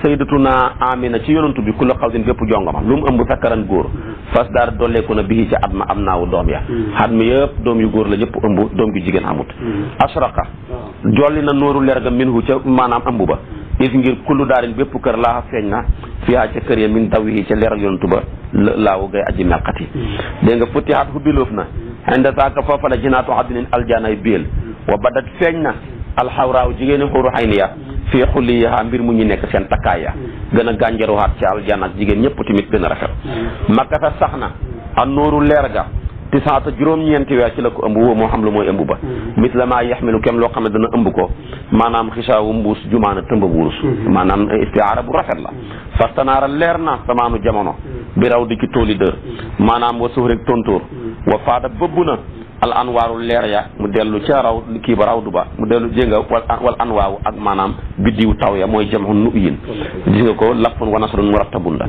sayyidatuna amina ci yonantu bi ku la xaw din bépp jongoma lu mu ëmb sakkaran góor fas daar dolleeku na bi bihi ci at ma am naawu doom ya hmm. xat mi yëpp doom yu góor la yëpp ëmb doom yu jigéen amut hmm. asraqa hmm. jolli na nooru lerga minhu ca maanaam ëmb ba is ngir kullu daarin bépp kër laa feeñ na fiyaa ca kër ya min daw yi ca leeral yonantu ba laawu gay aji melxat yi dégg nga futihaat hubbiloof na inda saaka foofa la jinaatu adnin aljanay biil wa badat feeñ na alxawraaw jigéeni xuuru xayni ya fii xulli yaha mbir mu ñu nekk seen takkaay ya gën a gànjaruwaat ci aljana ak jigéen ñëpp tamit gën a rafet makkata sax na a nooru leer ga tisaata juróom-ñeenti weer ci la ko ëmb woo moo xam lu mooy ëmb ba mit la maa yaxmilu kem loo xam ne dana ëmb ko maanaam xisaawu mbuus jumaana tëmba wurus maanaam istiaara bu rafet la fastanaara leer na samaanu jamono bi raw di ci tooli dër maanaam wa suuf rek tontóor wa faada bëbb na al anwaaru leer ya mu dellu ca raw kii ba rawdu ba mu dellu jénga wal anwaawu ak maanaam biddiw taw ya mooy jamxu nu yin gis nga ko lappun wa nasrun murattabun la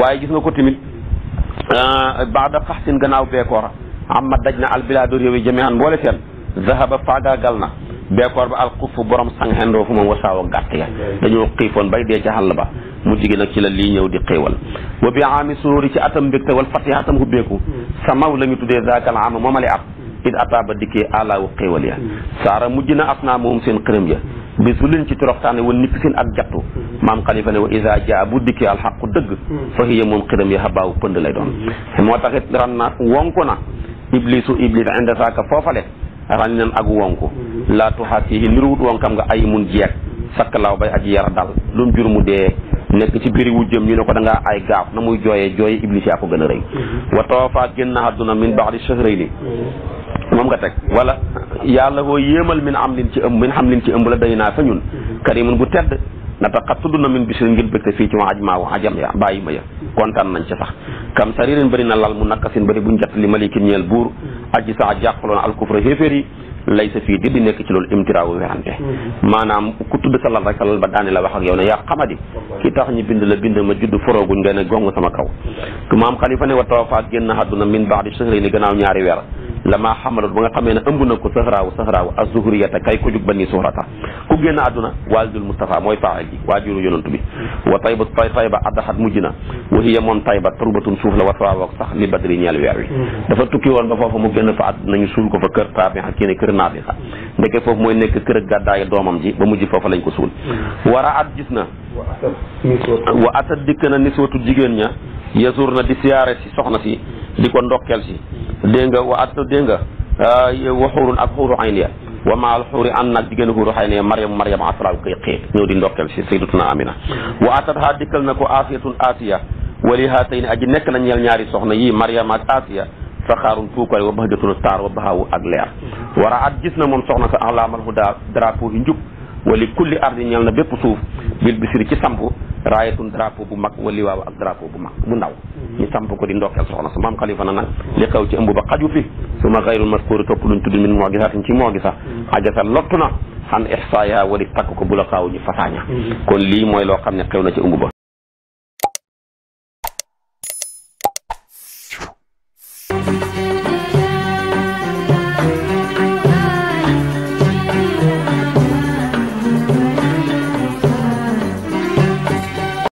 waaye gis nga ko tamit euh, baada faxsin gannaaw beekoor amma daj na albilaadu réew yi jami'an mboole seen zahaba faagaagal na beekoor ba alxufu borom sang xendoo fu moom wasaawa gàtt ya dañoo xiifoon bay dee ca xàll ba mujj gi nag ci la lii ñëw di xéewal wa bi aami sururi ci atam mbégte wal fatiha atam hubbeeku samaw la ñu tuddee zaakal ama moomale ya saara mujj na as naa moom seen xërëm ya bi su lin ci toroxtaane woon nippi seen ak jattu maam xalifa wa isa jaa bu dikkee alxaqu dëgg fa hiya moom xërëm ya xabaawu pënd lay doon moo taxit ran na wonku na iblisu iblis inde saaka foofale ran nan ak wonku laa tuxaasihi niruwut ay mun jeeg sakk laaw bay aji yara dal lu mu jur dee nekk ci biir wu jëm ñu ne ko da ay gaaf na muy jooyee jooye iblis yaa ko gën a rëy mm-hmm. wa tawafaa génn na àdduna min ba'di shahrayni mm-hmm. moom nga teg wala yàlla koo yéemal min am lin ci ëmb min xam lin ci ëmb la day naa fa ñun mm-hmm. karimun bu tedd na tax xat tudd na min bisir ngir bëgg fii ci ma aj maa ajam ya ba ma ya kontaan nañ ca sax kam saririn bari na lal mu nakkasin bëri buñ jatt li malikin ñeel buur aji sa jàqaloon alkufra xéeféer yi lay sa fii di di nekk ci loolu imtiraawu werante mm-hmm. maanaam ku tudd sa lal rek sa lal ba daane la wax ak yow ne yaa xamadi ki tax ñu bind la bind ma judd forooguñ nga ne gong sama kaw maam xalifa ne wa tawafaa génn àdduna min ba'di shahrin gannaaw ñaari weer mm-hmm. lama xamaloon ba nga xamee ne ëmb na ko sahraawu sahraawu az-zuhriyata kay ko jug ba nii suhrata ku génn àdduna waalidul Mustafa mooy faa ji waajuru yonantu bi wa tayba tayba addaxat mujj na wa hiya moom tayba turbatun suuf la wa tawaawoog sax li badri ñeel weer wi dafa tukki woon ba foofu mu génn fa àdduna ñu suul ko fa kër taabixa kii ne kër naafixa ndeke foofu mooy nekk kër ak gàddaay doomam ji ba mujj foofu lañ ko suul wara at gis na wa atat dikk na niswatu jigéen di ko ndokkel si dégg nga wa at dégg nga wa xuurun ak xuuru ayn ya wa maal xuuri ànd nag jigéen xuuru xay ne mariam mariam asraw koy xeet ñëw di ndokkel si sayyidatuna amina wa atat ha dikkal na ko asiyatun asiya wali haatayni aji nekk na ñeel ñaari soxna yi mariam ak asiya saxaarun puukare wa bahjatun taar wa baxaawu ak leer wara at gis na moom soxna sa alaamal huda drapeau yi njub wali kulli ardi ñeel na bépp suuf bil bisiri ci samp raayatun drapeau bu mag wali waaw ak drapeau bu mag bu ndaw mhm. ñu samp ko di ndokkeel soxna su maam xalifa na nag li xew ci ëmb ba xaju fi su ma xayrul maskuuri topp luñ tudd min moo gisaatin ci moo gisa ajasa lottu na xan ihsaaya wali takk ko bu la xaaw ñu fasaaña mhm. kon lii mooy loo xam ne xew na ci ëmb ba